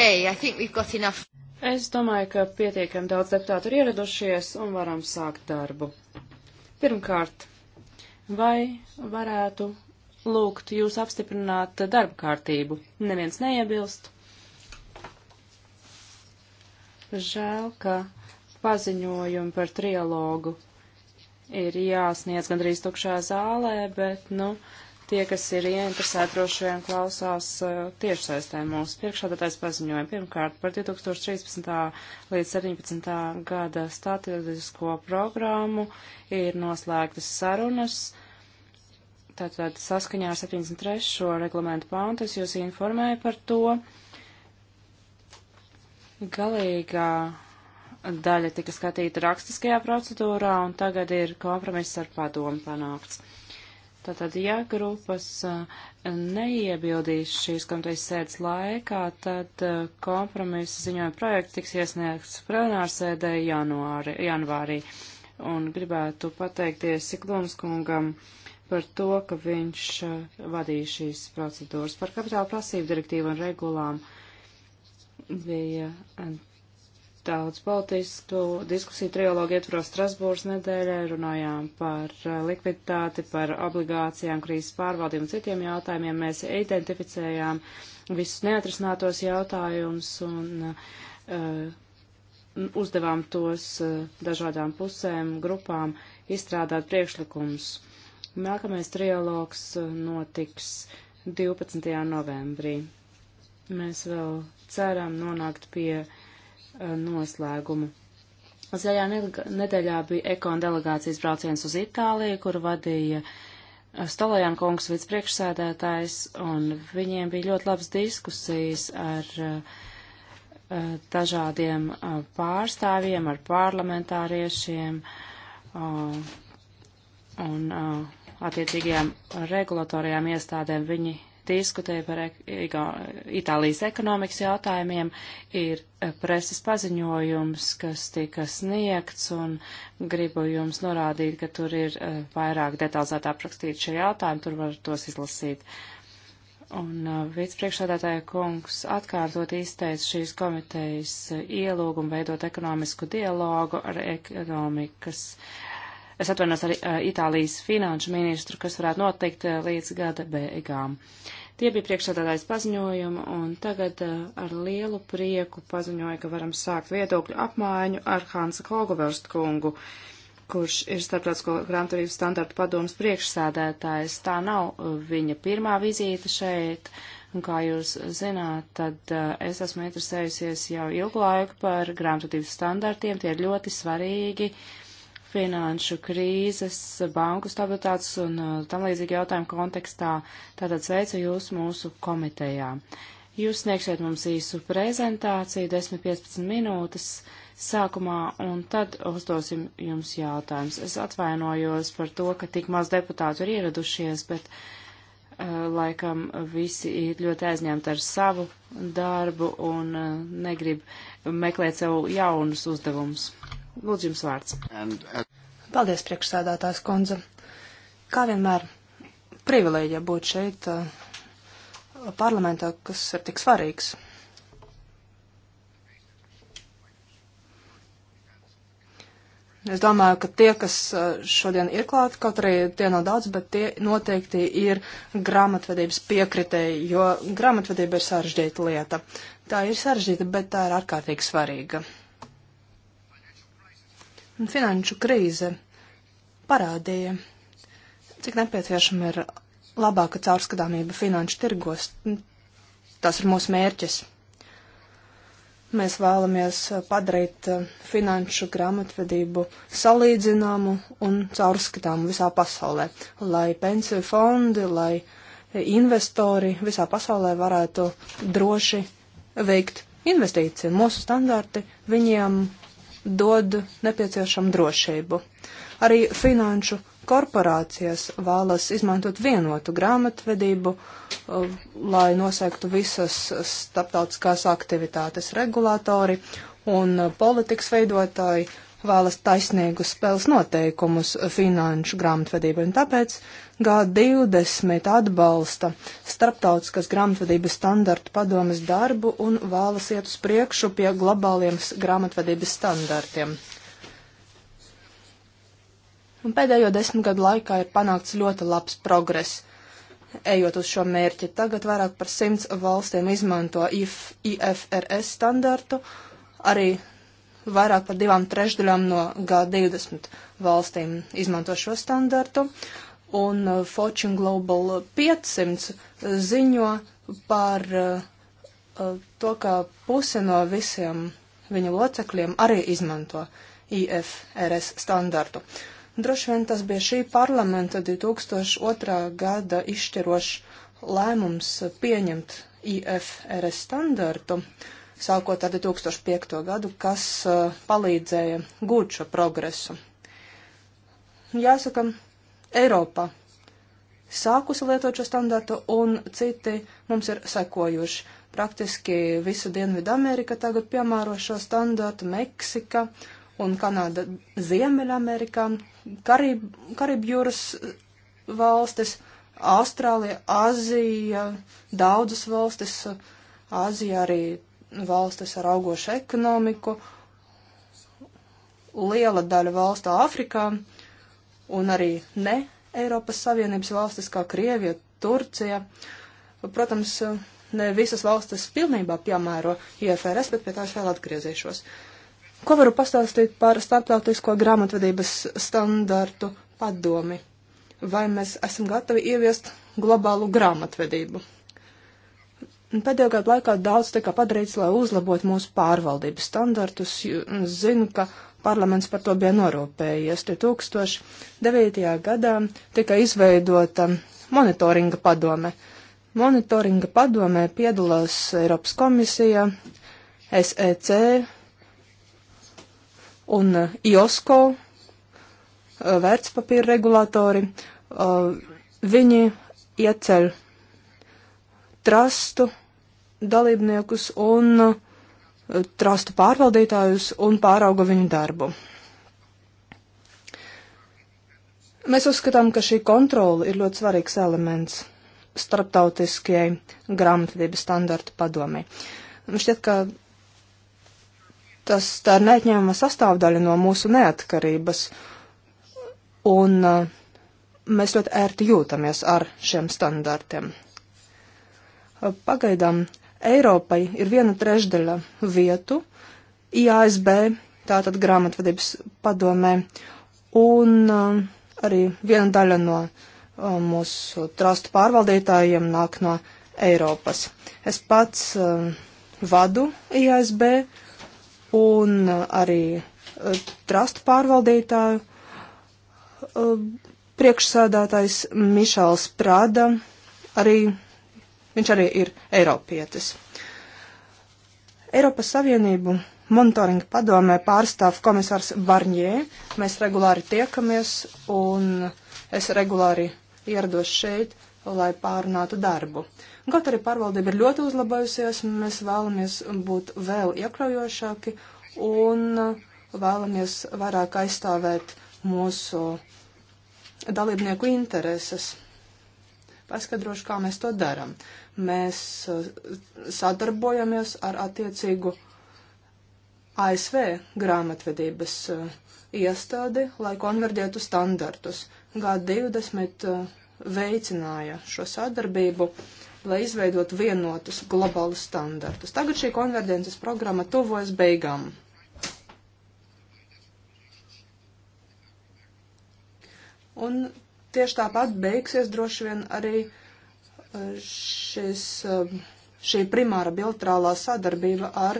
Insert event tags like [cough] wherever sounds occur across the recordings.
Okay, I think we've got enough. Es domāju, ka pietiekami daudz deputātu ir ieradušies un varam sākt darbu. Pirmkārt, vai varētu lūgt jūs apstiprināt darba kārtību? Neviens neiebilst. Žēl, ka paziņojumi par trialogu ir jāsniedz gandrīz tukšā zālē, bet, nu, uh, tie, kas ir ieinteresēti, droši vien klausās uh, tiešsaistē mūsu priekšādātais paziņoja. Pirmkārt, par 2013. līdz 2017. gada statistisko programmu ir noslēgtas sarunas. Tātad saskaņā ar 73. reglamentu pāntu es jūs informēju par to. Galīgā daļa tika skatīta rakstiskajā procedūrā, un tagad ir kompromiss ar padomu panākts. Tātad, ja grupas eh, neiebildīs šīs komitejas sēdes laikā, tad eh, kompromisa ziņojuma projekts tiks iesniegts plenārsēdē janvāri, janvārī. Un gribētu pateikties Siklons kungam par to, ka viņš eh, vadīja šīs procedūras par kapitāla prasību direktīvu un regulām. Bija daudz politisku diskusiju triologu ietvaros Strasbūras nedēļā, runājām par eh, likviditāti, par obligācijām, krīzes pārvaldību un citiem jautājumiem. Mēs identificējām visus neatrisinātos jautājumus un uh, uzdevām tos uh, dažādām pusēm, grupām izstrādāt priekšlikumus. Nākamais trialogs notiks 12. novembrī. Mēs vēl ceram nonākt pie uh, noslēgumu. Zaļā nedēļā bija ekona delegācijas brauciens uz Itāliju, kur vadīja eh, Stolajāna kungs vicepriekšsēdētājs, un viņiem bija ļoti labas diskusijas ar uh, dažādiem eh, pārstāvjiem, ar parlamentāriešiem un attiecīgajām regulatorijām iestādēm. Viņi diskutēja par Itālijas ekonomikas jautājumiem, ir e, preses paziņojums, kas tika sniegts, un gribu jums norādīt, ka tur ir e, vairāk detalizēti aprakstīti šie jautājumi, tur var tos izlasīt. Un e, vicepriekšsādātāja kungs atkārtot izteica šīs komitejas ielūgumu veidot ekonomisku dialogu ar ekonomikas es atvainos arī Itālijas finanšu ministru, kas varētu notikt līdz gada beigām. Tie bija priekšsādātājs paziņojumi, un tagad eh, ar lielu prieku paziņoju, ka varam sākt viedokļu apmaiņu ar Hansa Kolgoverst kungu, kurš ir starptautisko grāmaturības standartu padomas priekšsādātājs. Tā nav eh, viņa pirmā vizīte šeit. Un kā jūs zināt, tad uh, es esmu interesējusies jau ilgu laiku par grāmatvedības standartiem. Tie ir ļoti svarīgi uh, finanšu krīzes, banku stabilitātes un uh, tam līdzīgi jautājumu kontekstā. Tātad sveicu jūs mūsu komitejā. Jūs sniegsiet mums īsu prezentāciju, 10-15 minūtes sākumā, un tad uzdosim jums jautājumus. Es atvainojos par to, ka tik maz deputātu ir ieradušies, bet uh, laikam visi ir ļoti aizņemti ar savu darbu un uh, negrib meklēt sev jaunus uzdevumus. Lūdzu, jums vārds. And, and... Uh, Paldies, priekšsēdētājs kundze. Kā vienmēr, privilēģija būt šeit uh, parlamentā, kas ir tik svarīgs. Es domāju, ka tie, kas uh, šodien ir klāti, kaut arī tie nav daudz, bet tie noteikti ir grāmatvedības piekritēji, jo grāmatvedība ir sarežģīta lieta. Tā ir sarežģīta, bet tā ir ārkārtīgi svarīga un finanšu krīze parādīja, cik nepieciešama ir labāka caurskatāmība finanšu tirgos. Tas ir mūsu mērķis. Mēs vēlamies padarīt finanšu grāmatvedību salīdzināmu un caurskatāmu visā pasaulē, lai pensiju fondi, lai investori visā pasaulē varētu droši veikt investīciju. Mūsu standarti viņiem dod nepieciešamu drošību. Arī finanšu korporācijas vēlas izmantot vienotu grāmatvedību, uh, lai nosektu visas starptautiskās aktivitātes regulātori un politikas veidotāji vēlas taisnīgus spēles noteikumus finanšu grāmatvedībai, un tāpēc G20 atbalsta starptautiskas grāmatvedības standartu padomas darbu un vēlas iet uz priekšu pie globāliem grāmatvedības standartiem. Un pēdējo desmit gadu laikā ir panākts ļoti labs progress. Ejot uz šo mērķi, tagad vairāk par simts valstiem izmanto IF, IFRS standartu, arī vairāk par divām trešdaļām no G20 valstīm izmanto šo standartu, un uh, Fortune Global 500 ziņo par uh, uh, to, ka puse no visiem viņa locekļiem arī izmanto IFRS standartu. Droši vien tas bija šī parlamenta 2002. gada izšķirošs lēmums pieņemt IFRS standartu. Uh, sākot ar 2005. gadu, kas eh, palīdzēja gūt šo progresu. Jāsaka, Eiropā sākusi lietot šo standartu, un citi mums ir sekojuši. Praktiski visa Dienvidu Amerika tagad piemēro šo standartu, Meksika un Kanāda Ziemeļamerikā, Karib, Karib jūras eh, valstis, Austrālija, Azija, daudzas valstis, eh, Azija arī valstis ar augošu ekonomiku, liela daļa valstu Āfrikā un arī ne Eiropas Savienības valstis kā Krievija, Turcija. Protams, ne visas valstis pilnībā piemēro IFRS, bet pie tā es vēl atgriezīšos. Ko varu pastāstīt par starptautisko grāmatvedības standartu padomi? Vai mēs esam gatavi ieviest globālu grāmatvedību? Pēdējo gadu laikā daudz tika padarīts, lai uzlabotu mūsu pārvaldības standartus. Es zinu, ka parlaments par to bija norūpējies. 2009. gadā tika izveidota monitoringa padome. Monitoringa padomē piedalās Eiropas komisija, SEC un uh, IOSCO uh, vērtspapīra regulātori. Uh, viņi ieceļ trustu dalībniekus un eh, trastu pārvaldītājus un pārauga viņu darbu. Mēs uzskatām, ka šī kontrola ir ļoti svarīgs elements starptautiskajai grāmatvedības standartu padomē. Man šķiet, ka tas tā ir neatņēmama sastāvdaļa no mūsu neatkarības, un eh, mēs ļoti ērti jūtamies ar šiem standartiem. Pagaidām Eiropai ir viena trešdaļa vietu IASB, tātad grāmatvedības padomē, un uh, arī viena daļa no uh, mūsu trastu pārvaldītājiem nāk no Eiropas. Es pats uh, vadu IASB un uh, arī uh, trastu pārvaldītāju uh, priekšsādātais Mišāls Prāda arī Viņš arī ir Eiropietis. Eiropas Savienību monitoringa padomē pārstāv komisārs Barņē. Mēs regulāri tiekamies un es regulāri ierados šeit, lai pārunātu darbu. Kaut arī pārvaldība ir ļoti uzlabojusies, mēs vēlamies būt vēl iekļaujošāki un vēlamies vairāk aizstāvēt mūsu dalībnieku intereses. Paskaidrošu, kā mēs to darām. Mēs eh, sadarbojamies ar attiecīgu ASV grāmatvedības eh, iestādi, lai konverģētu standartus. G20 eh, veicināja šo sadarbību, lai izveidotu vienotus globālus standartus. Tagad šī konverģences programma tuvojas beigām. Un tieši tāpat beigsies droši vien arī šis, um, šī primāra bilaterālā sadarbība ar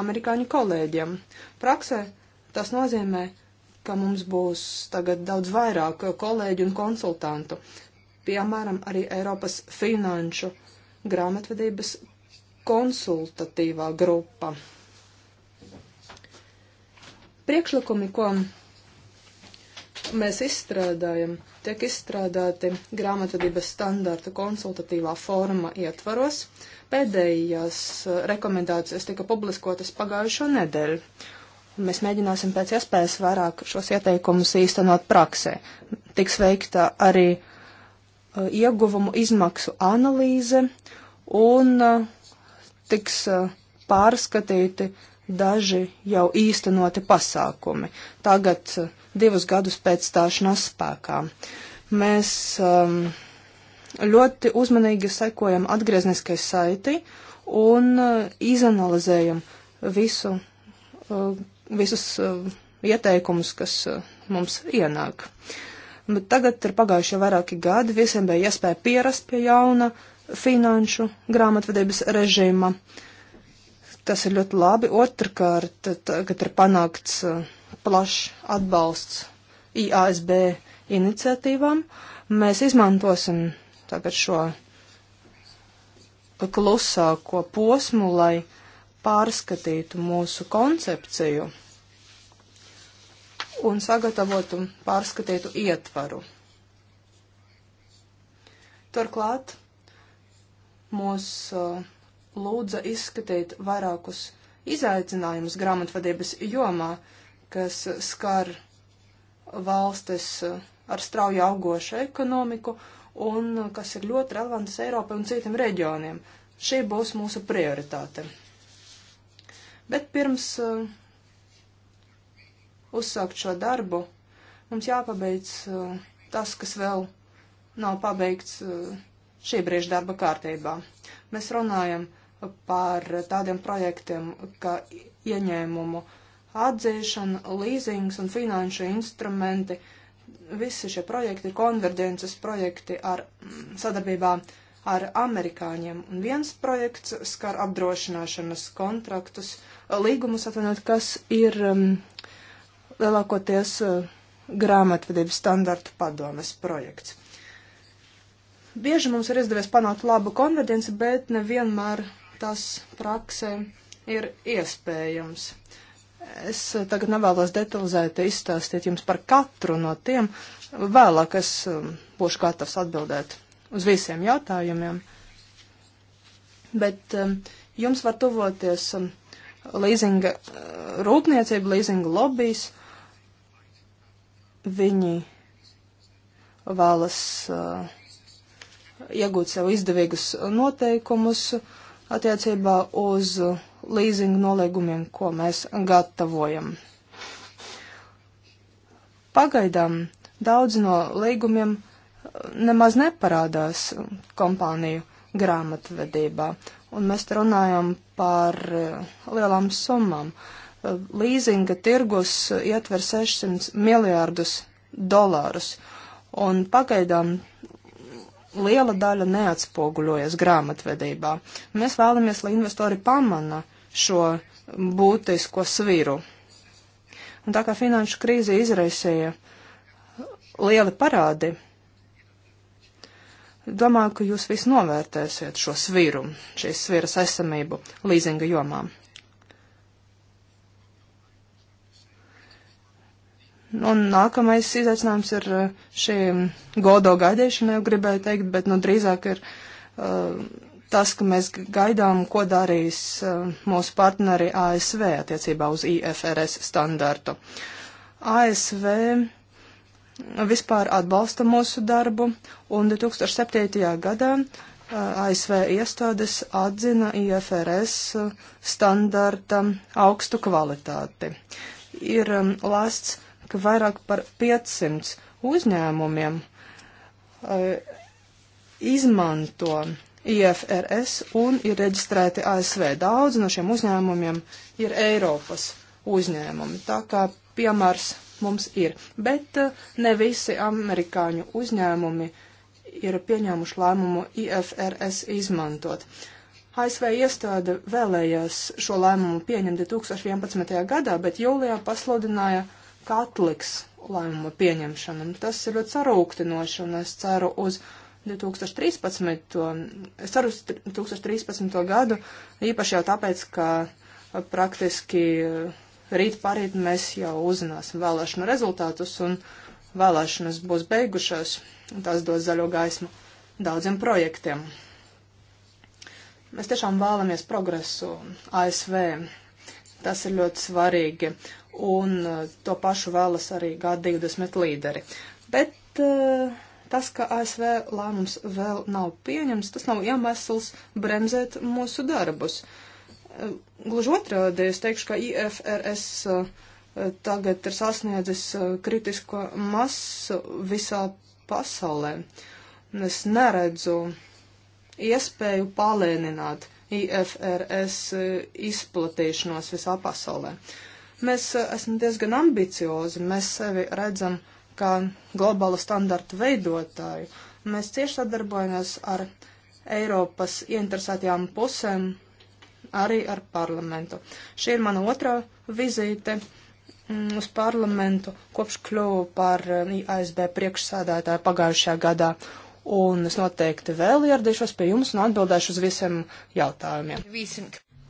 amerikāņu kolēģiem. Praksē tas nozīmē, ka mums būs tagad daudz vairāk kolēģu un konsultantu, piemēram, arī Eiropas finanšu grāmatvedības konsultatīvā grupa. Priekšlikumi, ko mēs izstrādājam, tiek izstrādāti grāmatvedības standarta konsultatīvā forma ietvaros. Pēdējās eh, rekomendācijas tika publiskotas pagājušo nedēļu. Mēs mēģināsim pēc iespējas vairāk šos ieteikumus īstenot praksē. Tiks veikta arī eh, ieguvumu izmaksu analīze un eh, tiks pārskatīti daži jau īstenoti pasākumi. Tagad uh, divus gadus pēc stāšanās spēkā. Mēs um, ļoti uzmanīgi sekojam atgriezniskai saiti un uh, izanalizējam visu, uh, visus uh, ieteikumus, kas uh, mums ienāk. Bet tagad ir pagājuši jau vairāki gadi, visiem bija iespēja pierast pie jauna finanšu grāmatvedības režīma. Tas ir ļoti labi. Otrkārt, tagad ir panākts uh, plašs atbalsts IASB iniciatīvām. Mēs izmantosim tagad šo klusāko posmu, lai pārskatītu mūsu koncepciju un sagatavotu pārskatītu ietvaru. Turklāt mūs uh, lūdza izskatīt vairākus izaicinājumus grāmatvedības jomā, uh, kas skar valstis ar strauju augošu ekonomiku un kas ir ļoti relevants Eiropai un citiem reģioniem. Šī būs mūsu prioritāte. Bet pirms uh, uzsākt šo darbu, mums jāpabeidz uh, tas, kas vēl nav pabeigts uh, šī brīža darba kārtībā. Mēs runājam par tādiem projektiem, kā ieņēmumu uh, Atzīšana, līzings un finanšu instrumenti. Visi šie projekti ir konverģences projekti ar mm, sadarbībā ar amerikāņiem. Un viens projekts skar apdrošināšanas kontraktus, līgumus atvainot, kas ir um, lielākoties uh, grāmatvedības standartu padomes projekts. Bieži mums ir izdevies panākt labu konverģenci, bet nevienmēr tas praksē ir iespējams. Es tagad nevēlos detalizēti izstāstīt jums par katru no tiem. Vēlāk es um, būšu gatavs atbildēt uz visiem jautājumiem. Bet um, jums var tuvoties um, līzinga uh, rūpniecība, līzinga lobbyis. Viņi vēlas uh, iegūt sev izdevīgus noteikumus attiecībā uz uh, līzinga nolīgumiem, ko mēs gatavojam. Pagaidām daudzi no līgumiem eh, nemaz neparādās kompāniju grāmatvedībā, un mēs runājam par eh, lielām summām. Eh, līzinga tirgus ietver 600 miljārdus dolārus, un pagaidām liela daļa neatspoguļojas grāmatvedībā. Mēs vēlamies, lai investori pamana, uh, šo būtisko svīru. Un tā kā finanšu krīze izraisīja lieli parādi, domāju, ka jūs visi novērtēsiet šo svīru, šīs svīras esamību līzinga jomā. Un nākamais izaicinājums ir eh, šī godo gaidīšana, jau gribēju teikt, bet nu drīzāk ir uh, tas, ka mēs gaidām, ko darīs eh, mūsu partneri ASV attiecībā uz IFRS standartu. ASV vispār atbalsta mūsu darbu, un 2007. gadā eh, ASV iestādes atzina IFRS eh, standarta augstu kvalitāti. Ir lāsts, ka vairāk par 500 uzņēmumiem izmanto IFRS un ir reģistrēti ASV. Daudz no šiem uzņēmumiem ir Eiropas uzņēmumi, tā kā piemērs mums ir. Bet eh, ne visi amerikāņu uzņēmumi ir pieņēmuši lēmumu IFRS izmantot. ASV iestāde vēlējās šo lēmumu pieņemt 2011. gadā, bet jūlijā pasludināja, ka atliks lēmumu pieņemšanu. Tas ir ļoti sarūktinoši, un es ceru uz 2013. Ceru 2013. gadu, īpaši jau tāpēc, ka praktiski rīt parīt mēs jau uzzināsim vēlēšanu rezultātus un vēlēšanas būs beigušās. Tas dos zaļo gaismu daudziem projektiem. Mēs tiešām vēlamies progresu ASV. Tas ir ļoti svarīgi. Un to pašu vēlas arī G20 līderi. Bet uh, Tas, ka ASV lēmums vēl nav pieņems, tas nav iemesls bremzēt mūsu darbus. Eh, gluži otrādi, es teikšu, ka IFRS eh, tagad ir sasniedzis eh, kritisko masu visā pasaulē. Es neredzu iespēju palēnināt IFRS izplatīšanos visā pasaulē. Mēs esam diezgan ambiciozi, mēs sevi redzam uh, kā globālu standartu veidotāju. Mēs cieši sadarbojamies ar Eiropas interesētajām pusēm, arī ar parlamentu. Šī ir mana otrā vizīte mm, uz parlamentu kopš kļuvu par ASB mm, priekšsādātāju pagājušajā gadā. Un es noteikti vēl ieradīšos pie jums un atbildēšu uz visiem jautājumiem.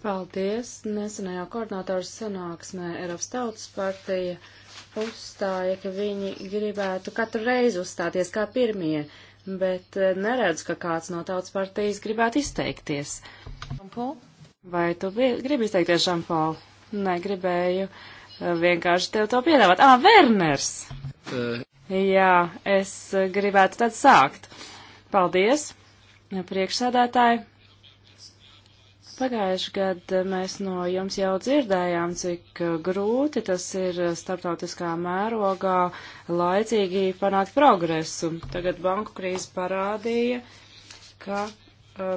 Paldies! Nesenajā koordinātoras sanāksmē Eiropas Tautas partija uzstāja, ka viņi gribētu katru reizi uzstāties kā pirmie, bet eh, neredz, ka kāds no tautas partijas gribētu izteikties. Vai tu gribi izteikties, Žanpaul? Nē, gribēju eh, vienkārši tev to piedāvāt. Ā, ah, Werners! Uh. Jā, es eh, gribētu tad sākt. Paldies, priekšsēdētāji! Pagājuši gadu eh, mēs no jums jau dzirdējām, cik eh, grūti tas ir eh, starptautiskā mērogā laicīgi panākt progresu. Tagad banku krīze parādīja, ka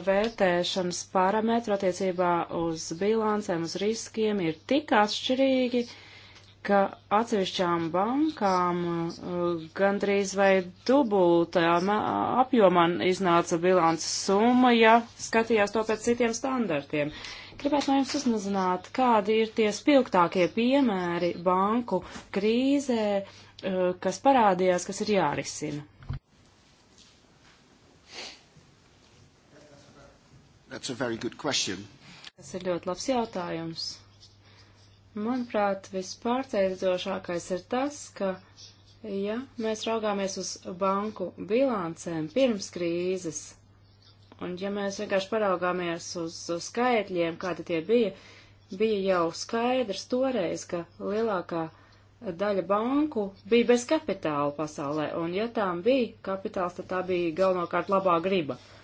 vērtēšanas parametri attiecībā uz bilancēm, uz riskiem ir tik atšķirīgi, uh, ka atsevišķām bankām eh, gandrīz vai dubultā apjomā iznāca bilances summa, ja skatījās to pēc citiem standartiem. Gribētu no jums uzmazināt, kādi ir tie spilgtākie piemēri banku krīzē, eh, kas parādījās, kas ir jārisina. Tas ir ļoti labs jautājums. Manuprāt, vispārsteidzošākais ir tas, ka, ja mēs raugāmies uz banku bilancēm pirms krīzes, un ja mēs vienkārši paraugāmies uz skaitļiem, kādi tie bija, bija jau skaidrs toreiz, ka lielākā daļa banku bija bez kapitāla pasaulē, un ja tām bija kapitāls, tad tā bija galvenokārt labā griba. Uh,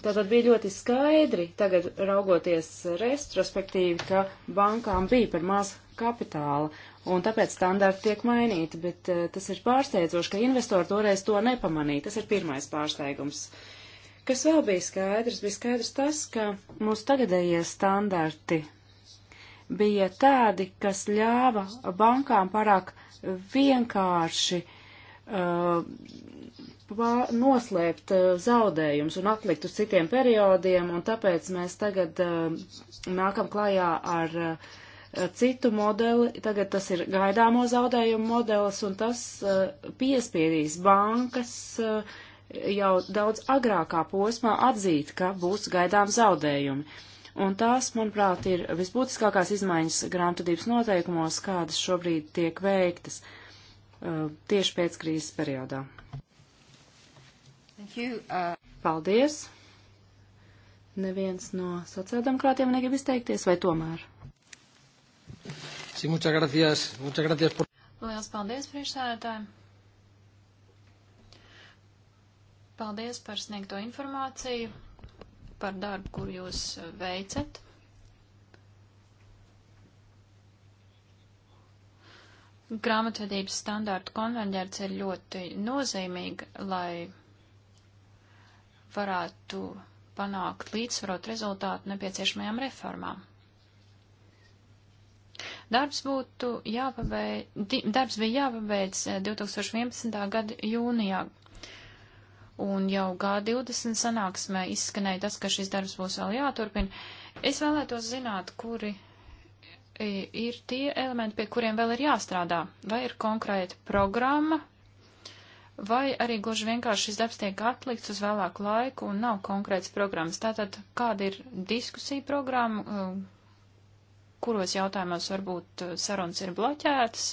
Tātad bija ļoti skaidri, tagad raugoties retrospektīvi, ka bankām bija par maz kapitāla, un tāpēc standarti tiek mainīti, bet uh, tas ir pārsteidzoši, ka investori toreiz to nepamanīja. Tas ir pirmais pārsteigums. Kas vēl bija skaidrs? Bija skaidrs tas, ka mūsu tagadējie standarti bija tādi, kas ļāva bankām pārāk vienkārši uh, noslēpt eh, zaudējumus un atlikt uz citiem periodiem, un tāpēc mēs tagad eh, nākam klajā ar eh, citu modeli. Tagad tas ir gaidāmo zaudējumu modelis, un tas piespiedīs bankas jau daudz agrākā posmā atzīt, ka būs gaidām zaudējumi. Un tās, manuprāt, ir visbūtiskākās izmaiņas grāmatvedības noteikumos, kādas šobrīd tiek veiktas tieši pēc krīzes periodā. Thank you. Uh... Paldies. Neviens no sociāldemokrātiem negrib izteikties, vai tomēr? Sí, muchas gracias. Muchas gracias por... Liels paldies priekšsēdētājiem. Paldies par sniegto informāciju, par darbu, kur jūs veicat. Grāmatvedības standārtu konverģence ir ļoti nozīmīga, lai varētu panākt līdzsvarot rezultātu nepieciešamajām reformām. Darbs, būtu jāpabeidz, darbs bija jāpabeidz 2011. Eh, gada jūnijā, un jau G20 sanāksmē izskanēja tas, ka šis darbs būs vēl jāturpina. Es vēlētos zināt, kuri eh, ir tie elementi, pie kuriem vēl ir jāstrādā, vai ir konkrēta programma, vai arī gluži vienkārši šis darbs tiek atlikts uz vēlāku laiku un nav konkrēts programmas. Tātad, kāda ir diskusija programma, eh, kuros jautājumos varbūt eh, sarunas ir bloķētas,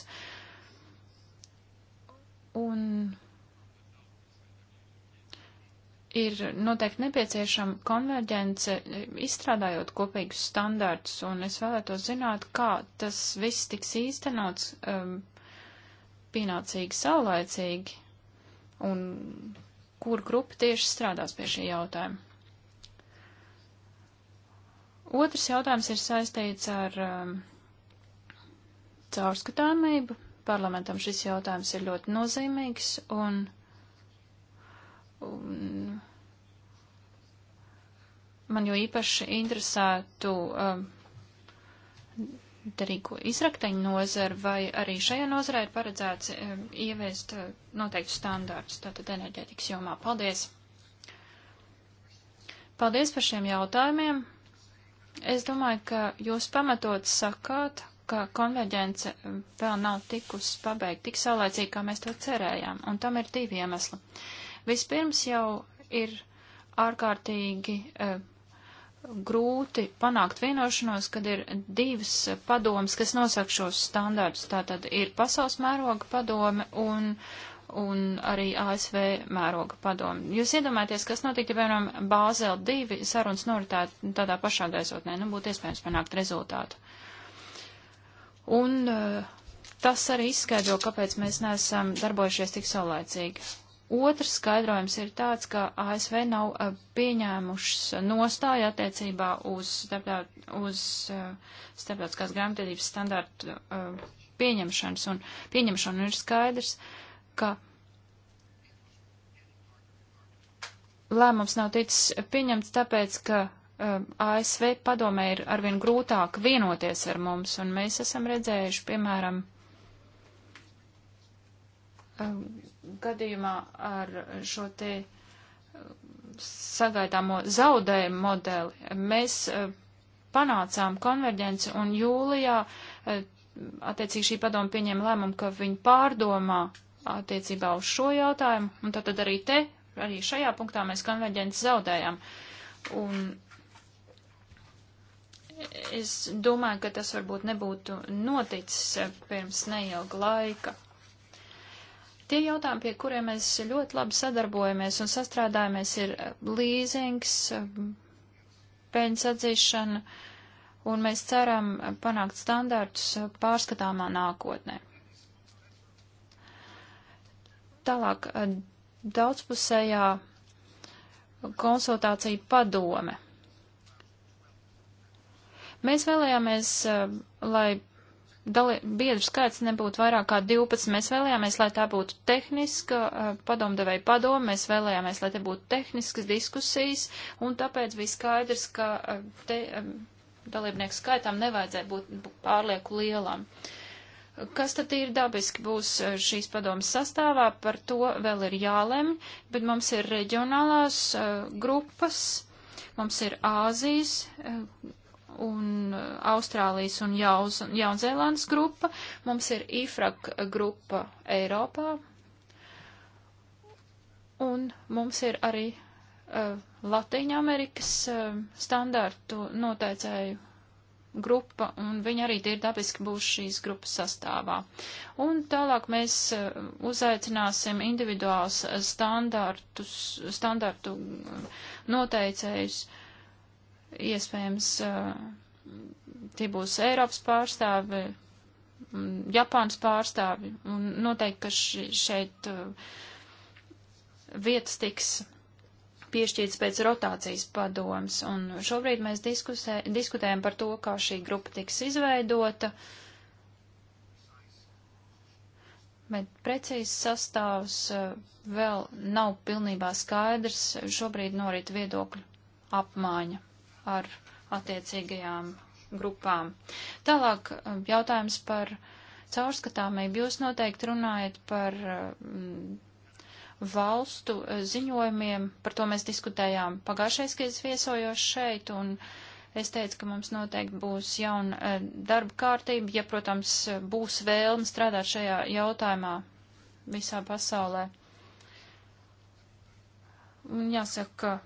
un ir noteikti nepieciešama konverģence, eh, izstrādājot kopīgus standārtus, un es vēlētos zināt, kā tas viss tiks īstenots um, pienācīgi, saulaicīgi un kur grupa tieši strādās pie šī jautājuma. Otrs jautājums ir saistīts ar um, caurskatāmību. Parlamentam šis jautājums ir ļoti nozīmīgs un, un man jau īpaši interesētu um, derīgo izrakteņu nozara, vai arī šajā nozarē ir paredzēts eh, ieviest eh, noteiktu standārtus, tātad enerģētikas jomā. Paldies! Paldies par šiem jautājumiem. Es domāju, ka jūs pamatot sakāt, ka konverģence eh, vēl nav tikus pabeigta tik saulēcīgi, kā mēs to cerējām, un tam ir divi iemesli. Vispirms jau ir ārkārtīgi uh, grūti panākt vienošanos, kad ir divas padomas, kas nosaka šos standārdus. Tātad ir pasaules mēroga padome un, un arī ASV mēroga padome. Jūs iedomājaties, kas notiktu, ja, piemēram, Bāzel 2 sarunas noritētu tādā pašā gaisotnē, nu, būtu iespējams panākt rezultātu. Un eh, tas arī izskaidro, kāpēc mēs neesam darbojušies tik saulēcīgi. Otrs skaidrojums ir tāds, ka ASV nav uh, pieņēmušas nostāju attiecībā uz, starptaut, uz uh, starptautiskās grāmatvedības standārtu uh, pieņemšanas, un pieņemšana ir skaidrs, ka lēmums nav ticis pieņemts tāpēc, ka ASV padomē ir arvien grūtāk vienoties ar mums, un mēs esam redzējuši, piemēram, gadījumā ar šo te eh, sagaidāmo zaudējumu modeli mēs eh, panācām konverģenci un jūlijā eh, attiecīgi šī padoma pieņēma lēmumu, ka viņi pārdomā attiecībā uz šo jautājumu, un tad, tad arī te, arī šajā punktā mēs konverģenci zaudējām. Un es domāju, ka tas varbūt nebūtu noticis pirms neilga laika. Tie jautājumi, pie kuriem mēs ļoti labi sadarbojamies un sastrādājamies, ir eh, līzings, eh, peļņas atzīšana, un mēs ceram panākt standārtus eh, pārskatāmā nākotnē. Tālāk daudzpusējā konsultācija padome. Mēs vēlējāmies, lai biedru skaits nebūtu vairāk kā 12. Mēs vēlējāmies, lai tā būtu tehniska uh, padomdevēja padoma, mēs vēlējāmies, lai te būtu tehniskas diskusijas, un tāpēc bija skaidrs, ka uh, te, um, dalībnieku skaitam nevajadzēja būt pārlieku lielam. Kas tad ir dabiski būs uh, šīs padomas sastāvā, par to vēl ir jālemj, bet mums ir reģionālās grupas, mums ir Āzijas un uh, Austrālijas un Jauz, Jaunzēlandes grupa. Mums ir IFRAK grupa Eiropā. Un mums ir arī uh, Latīņa Amerikas uh, standartu noteicēju grupa, un viņi arī ir dabiski būs šīs grupas sastāvā. Un tālāk mēs uh, uzaicināsim individuāls standartus, standartu uh, noteicējus uh, Iespējams, tie būs Eiropas pārstāvi, Japānas pārstāvi, un noteikti, ka šeit vietas tiks piešķirts pēc rotācijas padoms, un šobrīd mēs diskusē, diskutējam par to, kā šī grupa tiks izveidota, bet precīzi sastāvs vēl nav pilnībā skaidrs, šobrīd norit viedokļu apmaiņa ar attiecīgajām grupām. Tālāk um, jautājums par caurskatāmību. Jūs noteikti runājat par um, valstu uh, ziņojumiem, par to mēs diskutējām pagājušais, kad es viesojos šeit, un es teicu, ka mums noteikti būs jauna uh, darba kārtība, ja, protams, būs vēlme strādāt šajā jautājumā visā pasaulē. Un jāsaka,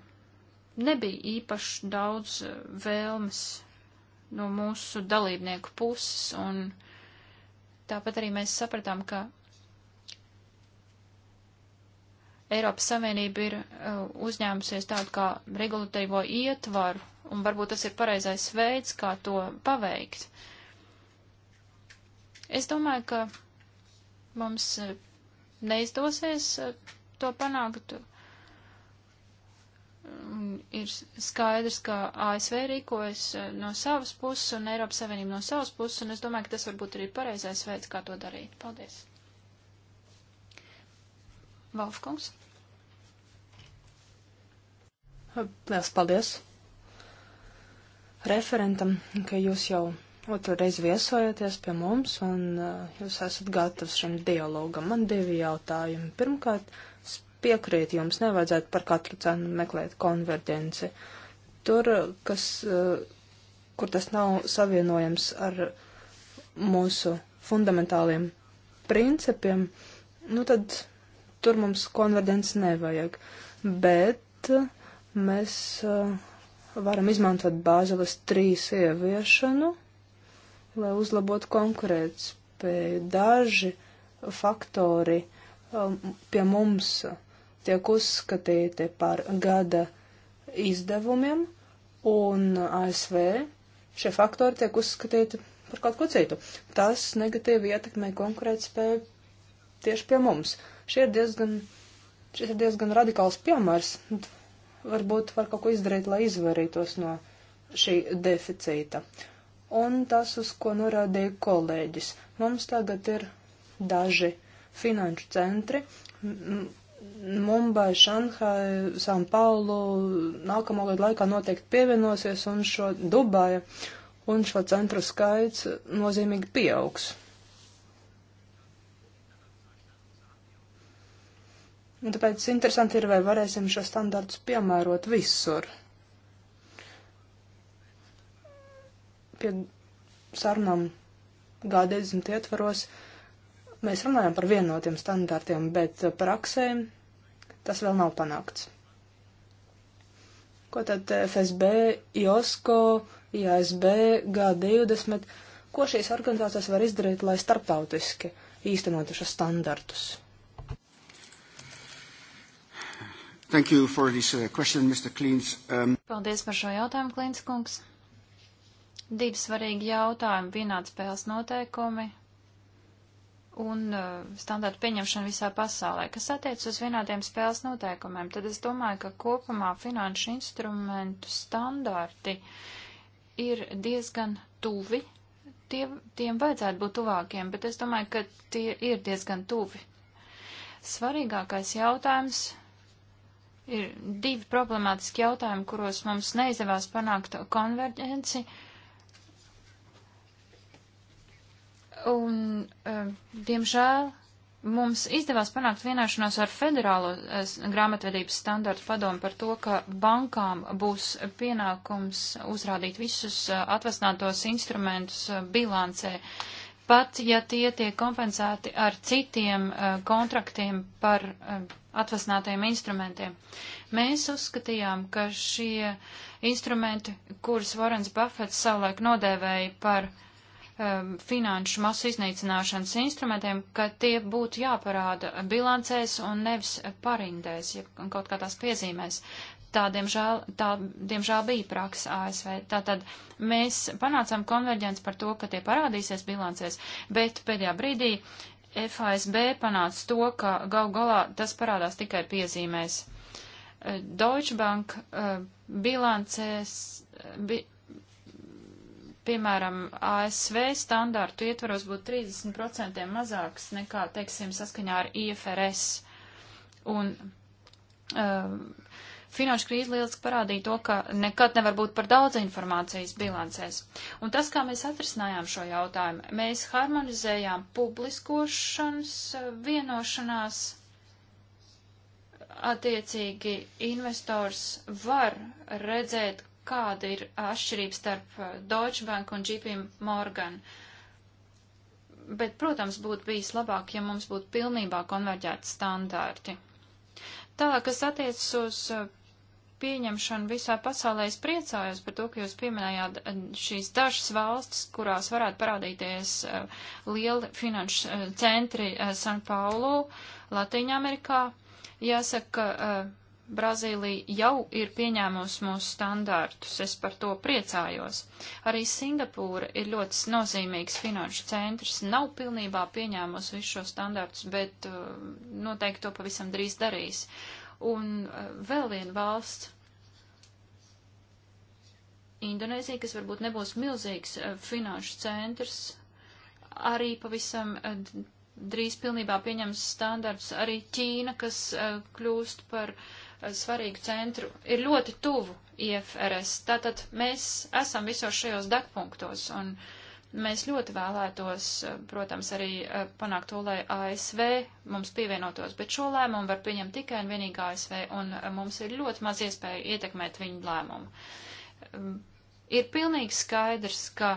nebija īpaši daudz eh, vēlmes no mūsu dalībnieku puses, un tāpat arī mēs sapratām, ka Eiropas Savienība ir eh, uzņēmusies tādu kā regulatīvo ietvaru, un varbūt tas ir pareizais veids, kā to paveikt. Es domāju, ka mums eh, neizdosies to panākt, ir skaidrs, ka ASV rīkojas eh, no savas puses un Eiropas Savienība no savas puses, un es domāju, ka tas varbūt arī pareizais veids, kā to darīt. Paldies. Valfkungs. Lielas paldies referentam, ka jūs jau otru reizi viesojaties pie mums un uh, jūs esat gatavs šim dialogam. Man divi jautājumi. Pirmkārt, uh, piekrīt jums, nevajadzētu par katru cenu meklēt konverģenci. Tur, kas, eh, kur tas nav savienojams ar mūsu fundamentāliem principiem, nu tad tur mums konverģenci nevajag. Bet mēs eh, varam izmantot bāzeles trīs ieviešanu, lai uzlabotu konkurētspēju. Daži faktori eh, pie mums tiek uzskatīti par gada izdevumiem, un ASV šie faktori tiek uzskatīti par kaut ko citu. Tas negatīvi ietekmē konkurētspēju tieši pie mums. Šie ir diezgan, šis ir diezgan radikāls piemērs. Varbūt var kaut ko izdarīt, lai izvairītos no šī deficīta. Un tas, uz ko norādīja kolēģis. Mums tagad ir daži finanšu centri, Mumbai, Šanhai, Sanpaulu nākamo gadu laikā noteikti pievienosies un šo Dubaja un šo centru skaits nozīmīgi pieaugs. Un tāpēc interesanti ir, vai varēsim šo standartus piemērot visur. Pie sarunām G10 ietvaros. Uh, Mēs runājam par vienotiem standartiem, bet praksē tas vēl nav panākts. Ko tad FSB, IOSCO, IASB, G20, ko šīs organizācijas var izdarīt, lai starptautiski īstenotu šos standartus? Thank you for this uh, question, Mr. Klīns. Um... Paldies par šo jautājumu, Klīns kungs. Divi svarīgi jautājumi - vienāds spēles noteikumi un uh, standartu pieņemšanu visā pasaulē. Kas attiec uz vienādiem spēles noteikumiem, tad es domāju, ka kopumā finanšu instrumentu standarti ir diezgan tuvi. Tie, tiem vajadzētu būt tuvākiem, bet es domāju, ka tie ir diezgan tuvi. Svarīgākais jautājums ir divi problemātiski jautājumi, kuros mums neizdevās panākt konverģenci. Uh, Un, eh, diemžēl, mums izdevās panākt vienošanos ar federālo eh, grāmatvedības standartu padomu par to, ka bankām būs pienākums uzrādīt visus eh, atvesinātos instrumentus bilancē, pat ja tie tiek kompensēti ar citiem kontraktiem par atvesinātajiem instrumentiem. Mēs uzskatījām, ka šie instrumenti, kurus Varens Buffets savulaik nodēvēja par uh, Um, finanšu masu iznīcināšanas instrumentiem, ka tie būtu jāparāda bilancēs un nevis parindēs, ja kaut kā tās piezīmēs. Tā, diemžēl, tā, diemžēl bija praksa ASV. Tātad mēs panācām konverģents par to, ka tie parādīsies bilancēs, bet pēdējā brīdī FASB panāca to, ka gal galā tas parādās tikai piezīmēs. Deutsche Bank uh, bilancēs, bi, piemēram, ASV standārtu ietvaros būtu 30% mazāks nekā, teiksim, saskaņā ar IFRS. Un um, finanšu krīze lieliski parādīja to, ka nekad nevar būt par daudz informācijas bilancēs. Un tas, kā mēs atrisinājām šo jautājumu, mēs harmonizējām publiskošanas uh, vienošanās attiecīgi investors var redzēt, kāda ir atšķirība starp uh, Deutsche Bank un JP Morgan. Bet, protams, būtu bijis labāk, ja mums būtu pilnībā konverģēti standārti. Tālāk, kas attiecas uz uh, pieņemšanu visā pasaulē, es priecājos par to, ka jūs pieminējāt uh, šīs dažas valstis, kurās varētu parādīties lieli finanšu centri San Paulo, Latīņamerikā. Jāsaka, ka Brazīlija jau ir pieņēmusi mūsu standārtus, es par to priecājos. Arī Singapūra ir ļoti nozīmīgs finanšu centrs, nav pilnībā pieņēmusi visu šo standārtus, bet uh, noteikti to pavisam drīz darīs. Un uh, vēl viena valsts. Indonēzija, kas varbūt nebūs milzīgs uh, finanšu centrs, arī pavisam uh, drīz pilnībā pieņems standārts. Arī Ķīna, kas uh, kļūst par uh, svarīgu centru ir ļoti tuvu IFRS. Tātad mēs esam visos šajos dakpunktos un mēs ļoti vēlētos, eh, protams, arī eh, panākt to, lai ASV mums pievienotos, bet šo lēmumu var pieņemt tikai un vienīgi ASV un eh, mums ir ļoti maz iespēja ietekmēt viņu lēmumu. Mm, ir pilnīgi skaidrs, ka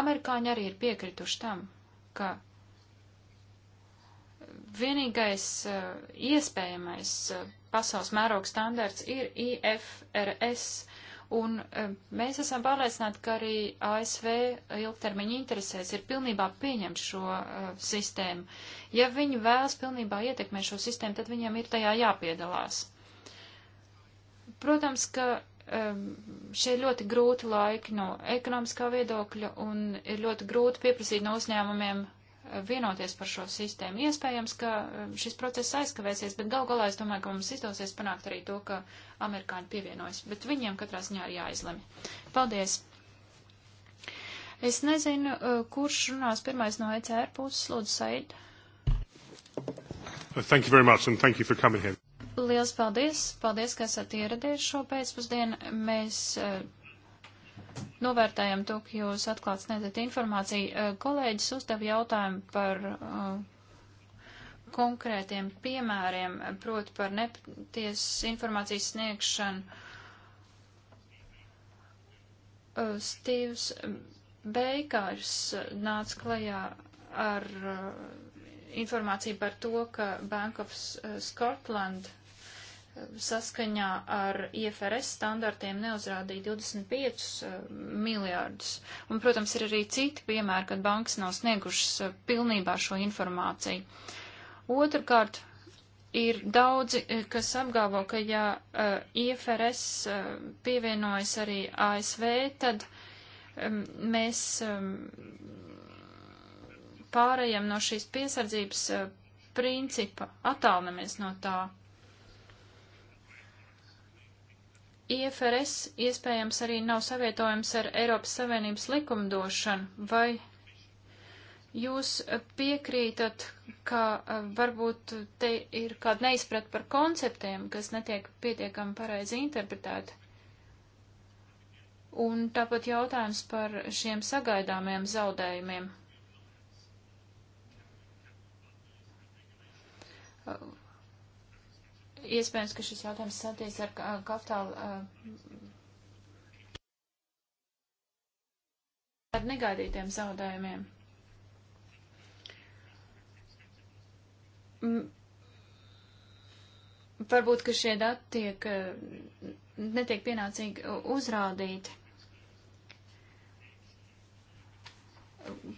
amerikāņi arī ir piekrituši tam, ka vienīgais eh, iespējamais eh, pasaules mēroga standarts ir IFRS, un eh, mēs esam pārliecināti, ka arī ASV ilgtermiņa interesēs ir pilnībā pieņemt šo sistēmu. Ja viņi vēlas pilnībā ietekmēt šo sistēmu, tad viņiem ir tajā jāpiedalās. Protams, ka šie ļoti grūti laiki no ekonomiskā viedokļa un ir ļoti grūti pieprasīt no uzņēmumiem vienoties par šo sistēmu. Iespējams, ka um, šis process aizkavēsies, bet gal galā es domāju, ka mums izdosies panākt arī to, ka amerikāņi pievienojas, bet viņiem katrā ziņā ir jāizlemj. Paldies! Es nezinu, uh, kurš runās pirmais no ECR puses, lūdzu, Said. Thank you very much and thank you for coming here. Liels paldies! Paldies, ka esat ieradies šo pēcpusdienu. Mēs uh, novērtējam to, ka jūs atklāt sniedzat informāciju. Eh, kolēģis uzdeva jautājumu par eh, konkrētiem piemēriem, proti par nepatiesas informācijas sniegšanu. Eh, Stīvs Beikārs nāca klajā ar informāciju par to, ka Bank of Scotland saskaņā ar IFRS standartiem neuzrādīja 25 eh, miljārdus. Un, protams, ir arī citi piemēri, kad bankas nav sniegušas eh, pilnībā šo informāciju. Otrakārt, ir daudzi, eh, kas apgalvo, ka ja IFRS pievienojas arī ASV, tad mēs pārējam no šīs piesardzības principa, attālinamies no tā. IFRS iespējams arī nav savietojams ar Eiropas Savienības likumdošanu, vai jūs piekrītat, ka varbūt te ir kāda neizprat par konceptiem, kas netiek pietiekami pareizi interpretēti? Un tāpat jautājums par šiem sagaidāmiem zaudējumiem. Iespējams, ka šis jautājums saties ar kapitālu. Ar negaidītiem zaudējumiem. Varbūt, ka šie dati tiek, netiek pienācīgi uzrādīti.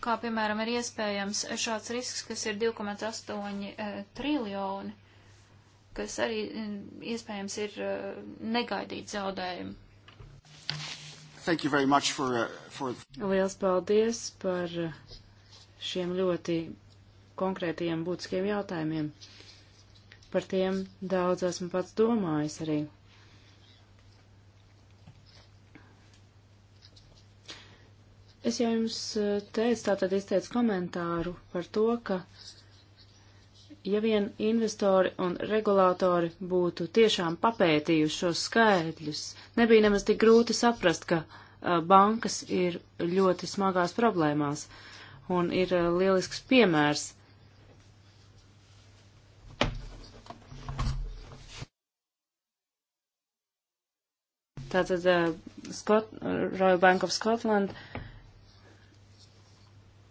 Kā, piemēram, ir iespējams šāds risks, kas ir 2,8 triljoni kas arī mm, iespējams ir eh, negaidīti zaudējumi. Thank you very much for, uh, for... Liels paldies par eh, šiem ļoti konkrētajiem būtiskiem jautājumiem. Par tiem daudz esmu pats domājis arī. Es jau jums eh, teicu, tātad izteicu komentāru par to, ka uh, ja vien investori un regulātori būtu tiešām papētījuši šos skaidļus, nebija nemaz tik grūti saprast, ka uh, bankas ir ļoti smagās problēmās. Un ir uh, lielisks piemērs. Tātad uh, Scott, Royal Bank of Scotland.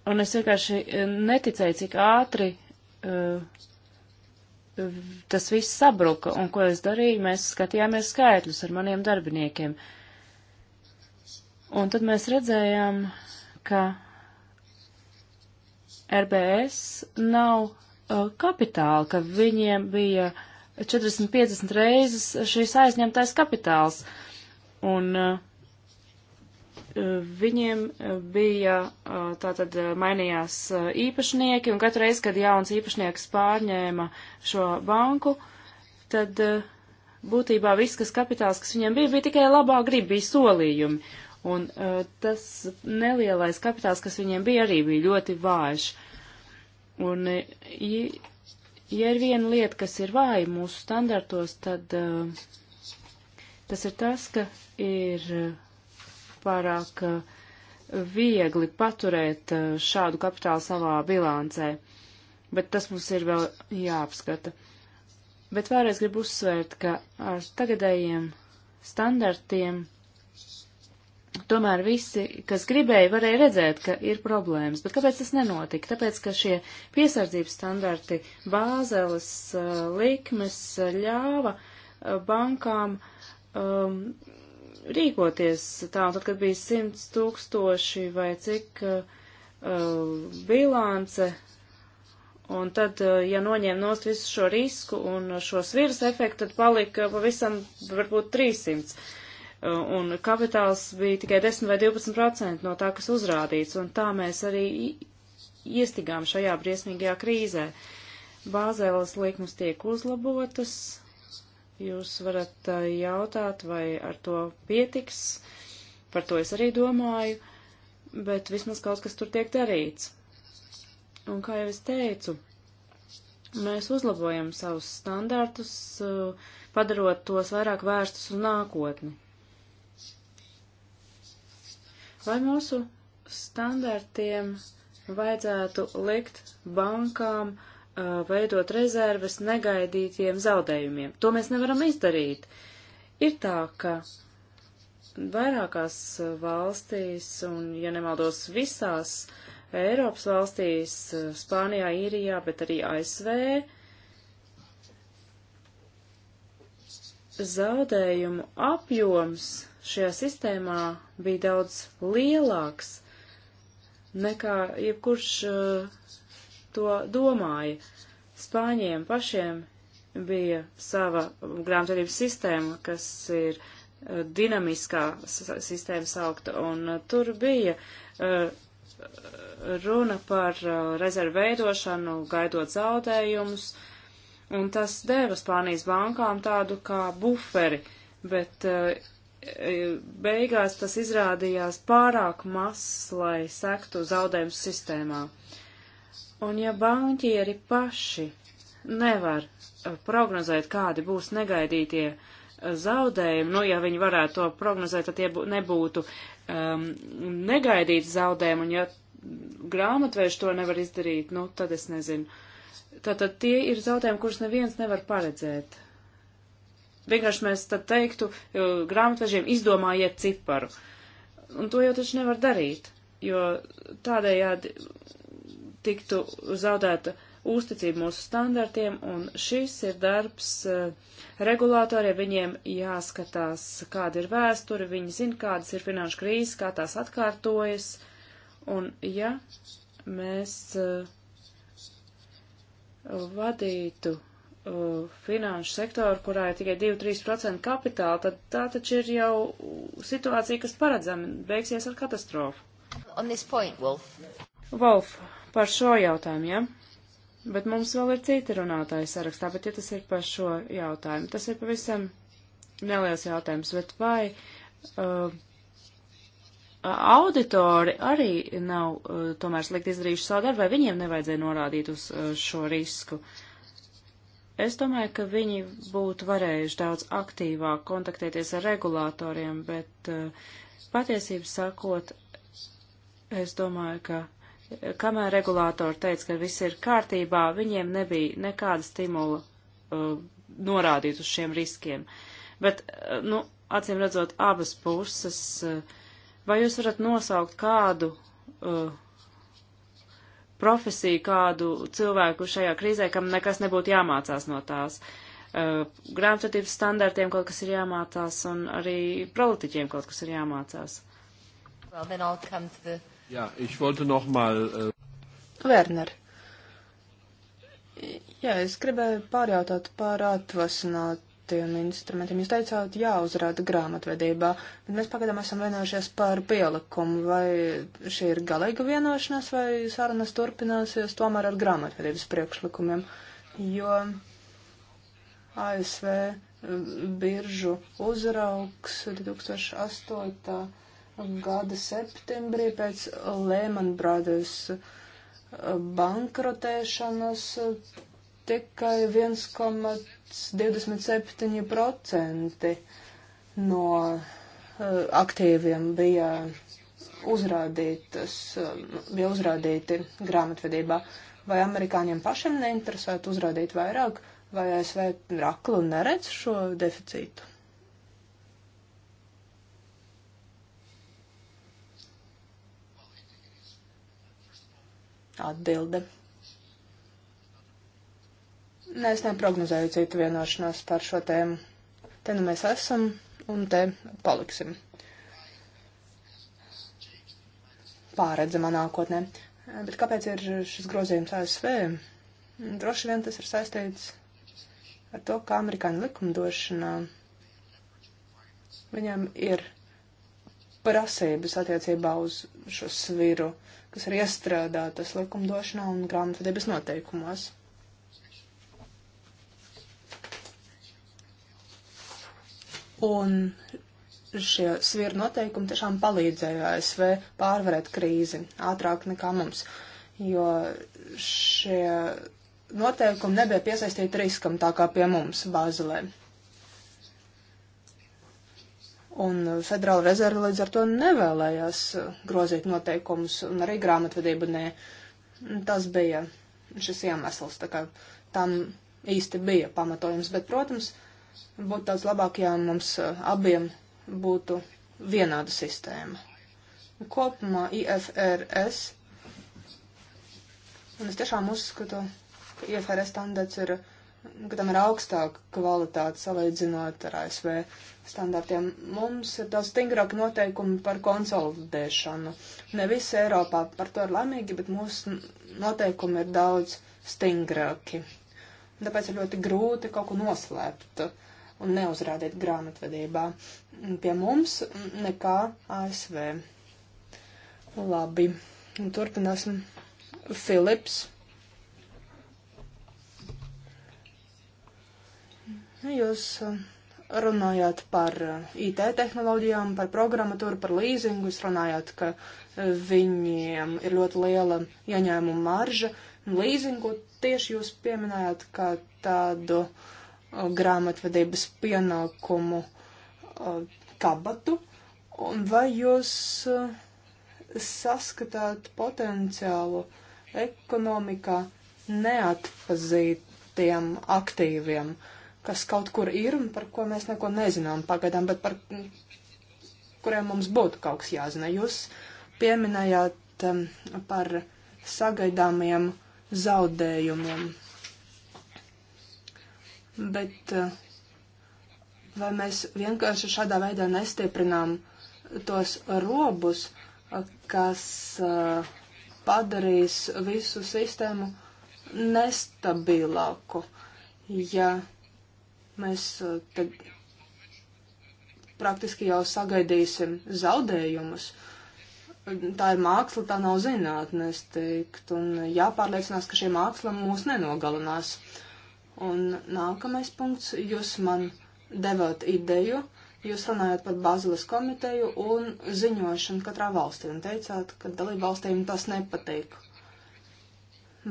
Un es vienkārši neticēju, cik ātri Eh, tas viss sabruka, un ko es darīju, mēs skatījāmies skaitļus ar maniem darbiniekiem. Un tad mēs redzējām, ka RBS nav uh, kapitāla, ka viņiem bija 40-50 reizes šīs aizņemtais kapitāls. Un uh, Viņiem eh, bija, eh, tātad eh, mainījās īpašnieki, un katru reizi, kad jauns īpašnieks pārņēma šo banku, tad būtībā viss, kas kapitāls, kas viņiem bija, bija tikai labā griba, bija solījumi. Un uh, tas nelielais kapitāls, kas viņiem bija, arī bija ļoti vājš. Un, ja, ja ir viena lieta, kas ir vāja mūsu standartos, tad uh, tas ir tas, ka ir pārāk eh, viegli paturēt eh, šādu kapitālu savā bilancē, bet tas mums ir vēl jāapskata. Bet vēlreiz gribu uzsvērt, ka ar tagadējiem standartiem tomēr visi, kas gribēja, varēja redzēt, ka ir problēmas. Bet kāpēc tas nenotika? Tāpēc, ka šie piesardzības standarti, bāzeles eh, likmes ļāva bankām um, rīkoties tā, un tad, kad bija 100 tūkstoši vai cik uh, uh, bilance, un tad, uh, ja noņēma nost visu šo risku un šo sviras efektu, tad palika pavisam varbūt 300. Uh, un kapitāls bija tikai 10 vai 12 procenti no tā, kas uzrādīts, un tā mēs arī iestigām šajā briesmīgajā krīzē. Bāzēlas likmes tiek uzlabotas, Jūs varat jautāt, vai ar to pietiks, par to es arī domāju, bet vismaz kaut kas tur tiek darīts. Un kā jau es teicu, mēs uzlabojam savus standartus, padarot tos vairāk vērstus uz nākotni. Vai mūsu standartiem vajadzētu likt bankām uh, Uh, veidot rezerves negaidītiem zaudējumiem. To mēs nevaram izdarīt. Ir tā, ka vairākās uh, valstīs, un, ja nemaldos, visās Eiropas valstīs, uh, Spānijā, Īrijā, bet arī ASV, zaudējumu apjoms šajā sistēmā bija daudz lielāks nekā jebkurš uh, to domāja. Spāņiem pašiem bija sava grāmatvedības sistēma, kas ir eh, dinamiskā sistēma saukta, un eh, tur bija eh, runa par rezervu veidošanu, gaidot zaudējumus, un tas deva Spānijas bankām tādu kā buferi, bet beigās tas izrādījās pārāk mazs, lai sektu zaudējumus sistēmā. Uh, Un ja banķieri paši nevar eh, prognozēt, kādi būs negaidītie eh, zaudējumi, nu, ja viņi varētu to prognozēt, tad tie nebūtu um, negaidīti zaudējumi, un ja grāmatvērš to nevar izdarīt, nu, tad es nezinu. Tātad tie ir zaudējumi, kurus neviens nevar paredzēt. Vienkārši mēs tad teiktu grāmatvežiem izdomājiet ciparu. Un to jau taču nevar darīt, jo tādējādi tiktu zaudēta uzticība mūsu standartiem, un šis ir darbs eh, regulātoriem. Viņiem jāskatās, kāda ir vēsture, viņi zina, kādas ir finanšu krīzes, kā tās atkārtojas, un ja mēs eh, vadītu eh, finanšu sektoru, kurā ir tikai 2-3% kapitāla, tad tā taču ir jau situācija, kas paredzami beigsies ar katastrofu. On this point, Wolf. Wolf, par šo jautājumu, ja? Bet mums vēl ir citi runātāji sarakstā, bet ja tas ir par šo jautājumu, tas ir pavisam neliels jautājums, bet vai uh, auditori arī nav uh, tomēr slikti izdarījuši savu darbu, vai viņiem nevajadzēja norādīt uz uh, šo risku? Es domāju, ka viņi būtu varējuši daudz aktīvāk kontaktēties ar regulātoriem, bet uh, patiesību sakot, es domāju, ka kamēr regulātori teica, ka viss ir kārtībā, viņiem nebija nekāda stimula uh, norādīt uz šiem riskiem. Bet, uh, nu, acīm redzot, abas puses, uh, vai jūs varat nosaukt kādu uh, profesiju, kādu cilvēku šajā krīzē, kam nekas nebūtu jāmācās no tās? Uh, grāmatvedības standartiem kaut kas ir jāmācās un arī politiķiem kaut kas ir jāmācās. Well, Jā, ich wollte noch mal. Uh... Werner. Jā, es gribēju pārjautāt par atvasinātiem instrumentiem. Jūs teicāt, jāuzrāda grāmatvedībā, bet mēs pagaidām esam vienojušies par pielikumu. Vai šī ir galīga vienošanās, vai sarunas turpināsies tomēr ar grāmatvedības priekšlikumiem? Jo ASV uh, biržu uzrauks 2008 gada septembrī pēc Lehman Brothers eh, bankrotēšanas eh, tikai 1,27% no eh, aktīviem bija uzrādītas, bija uzrādīti grāmatvedībā. Vai amerikāņiem pašiem neinteresētu uzrādīt vairāk, vai ASV raklu neredz šo deficītu? Atbilde. Nē, es neprognozēju citu vienošanos par šo tēmu. Te nu mēs esam un te paliksim. Pāredzama nākotnē. Bet kāpēc ir šis grozījums ASV? Droši vien tas ir saistīts ar to, ka amerikāņu likumdošanā viņam ir prasības attiecībā uz šo sviru, kas ir iestrādātas likumdošanā un grāmatvedības noteikumos. Un šie sviru noteikumi tiešām palīdzēja ASV pārvarēt krīzi ātrāk nekā mums, jo šie noteikumi nebija piesaistīti riskam tā kā pie mums Bāzelē. Un Federāla rezerve līdz ar to nevēlējās grozīt noteikumus, un arī grāmatvedība nē. Tas bija šis iemesls, tā kā tam īsti bija pamatojums, bet, protams, būtu daudz labāk, ja mums abiem būtu vienāda sistēma. Kopumā IFRS, un es tiešām uzskatu, ka IFRS standarts ir Nu, ka tam ir augstāka kvalitāte salīdzinot ar ASV standartiem. Mums ir daudz stingrāki noteikumi par konsolidēšanu. Ne visi Eiropā par to ir laimīgi, bet mūsu noteikumi ir daudz stingrāki. Tāpēc ir ļoti grūti kaut ko noslēpt un neuzrādīt grāmatvedībā. Pie mums nekā ASV. Labi, turpināsim. Philips. Nu, jūs eh, runājāt par eh, IT tehnoloģijām, par programmatūru, par līzingu. Jūs runājāt, ka eh, viņiem ir ļoti liela ieņēmuma marža. Līzingu tieši jūs pieminējāt kā tādu grāmatvedības pienākumu kabatu. Un vai jūs saskatāt potenciālu ekonomikā neatpazītiem aktīviem? Uh, kas kaut kur ir un par ko mēs neko nezinām pagaidām, bet par kuriem mums būtu kaut kas jāzina. Jūs pieminējāt um, par sagaidāmiem zaudējumiem. Bet uh, vai mēs vienkārši šādā veidā nestieprinām tos robus, kas uh, padarīs visu sistēmu nestabilāku? Ja uh, Mēs uh, tad praktiski jau sagaidīsim zaudējumus. Tā ir māksla, tā nav zinātne, es teiktu, un jāpārliecinās, ka šī māksla mūs nenogalinās. Un nākamais punkts, jūs man devāt ideju, jūs runājat par Bāzeles komiteju un ziņošanu katrā valstī, un teicāt, ka dalību valstīm tas nepatīk.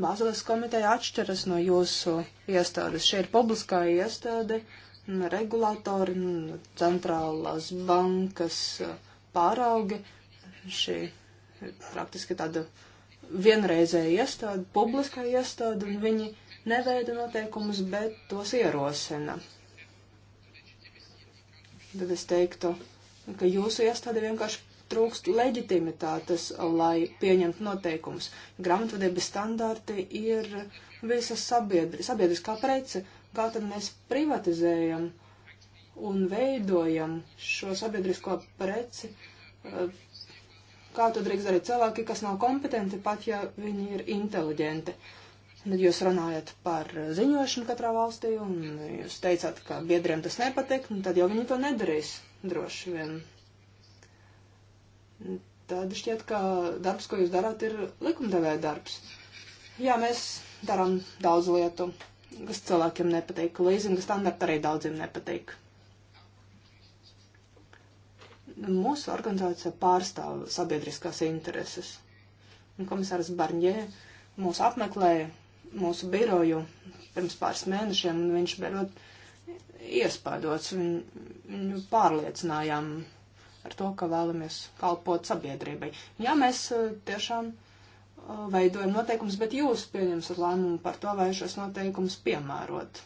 Bāzeles komiteja atšķiras no jūsu iestādes. Šie ir publiskā iestāde, regulātori, centrālās bankas pāraugi. Šī praktiski tāda vienreizēja iestāde, publiskā iestāde, un viņi neveida noteikumus, bet tos ierosina. Tad es teiktu, ka jūsu iestāde vienkārši trūkst leģitimitātes, lai pieņemtu noteikumus. Grāmatvedības standarti ir visa sabiedri, sabiedriskā prece, kā tad mēs privatizējam un veidojam šo sabiedrisko preci, eh, kā to drīkst darīt cilvēki, kas nav kompetenti, pat ja viņi ir inteliģenti. Tad jūs runājat par ziņošanu katrā valstī, un jūs teicāt, ka biedriem tas nepatīk, nu tad jau viņi to nedarīs droši vien tad šķiet, ka darbs, ko jūs darāt, ir likumdevēja darbs. Jā, mēs darām daudz lietu, kas cilvēkiem nepatīk. Līzinga standarta arī daudziem nepatīk. Mūsu organizācija pārstāv sabiedriskās intereses. Komisārs Barņē mūs apmeklēja mūsu biroju pirms pāris mēnešiem, un viņš bija ļoti iespaidots. Viņu pārliecinājām ar to, ka vēlamies kalpot sabiedrībai. Ja mēs e, tiešām e, veidojam noteikumus, bet jūs pieņemsiet lēmumu par to, vai šos noteikumus piemērot.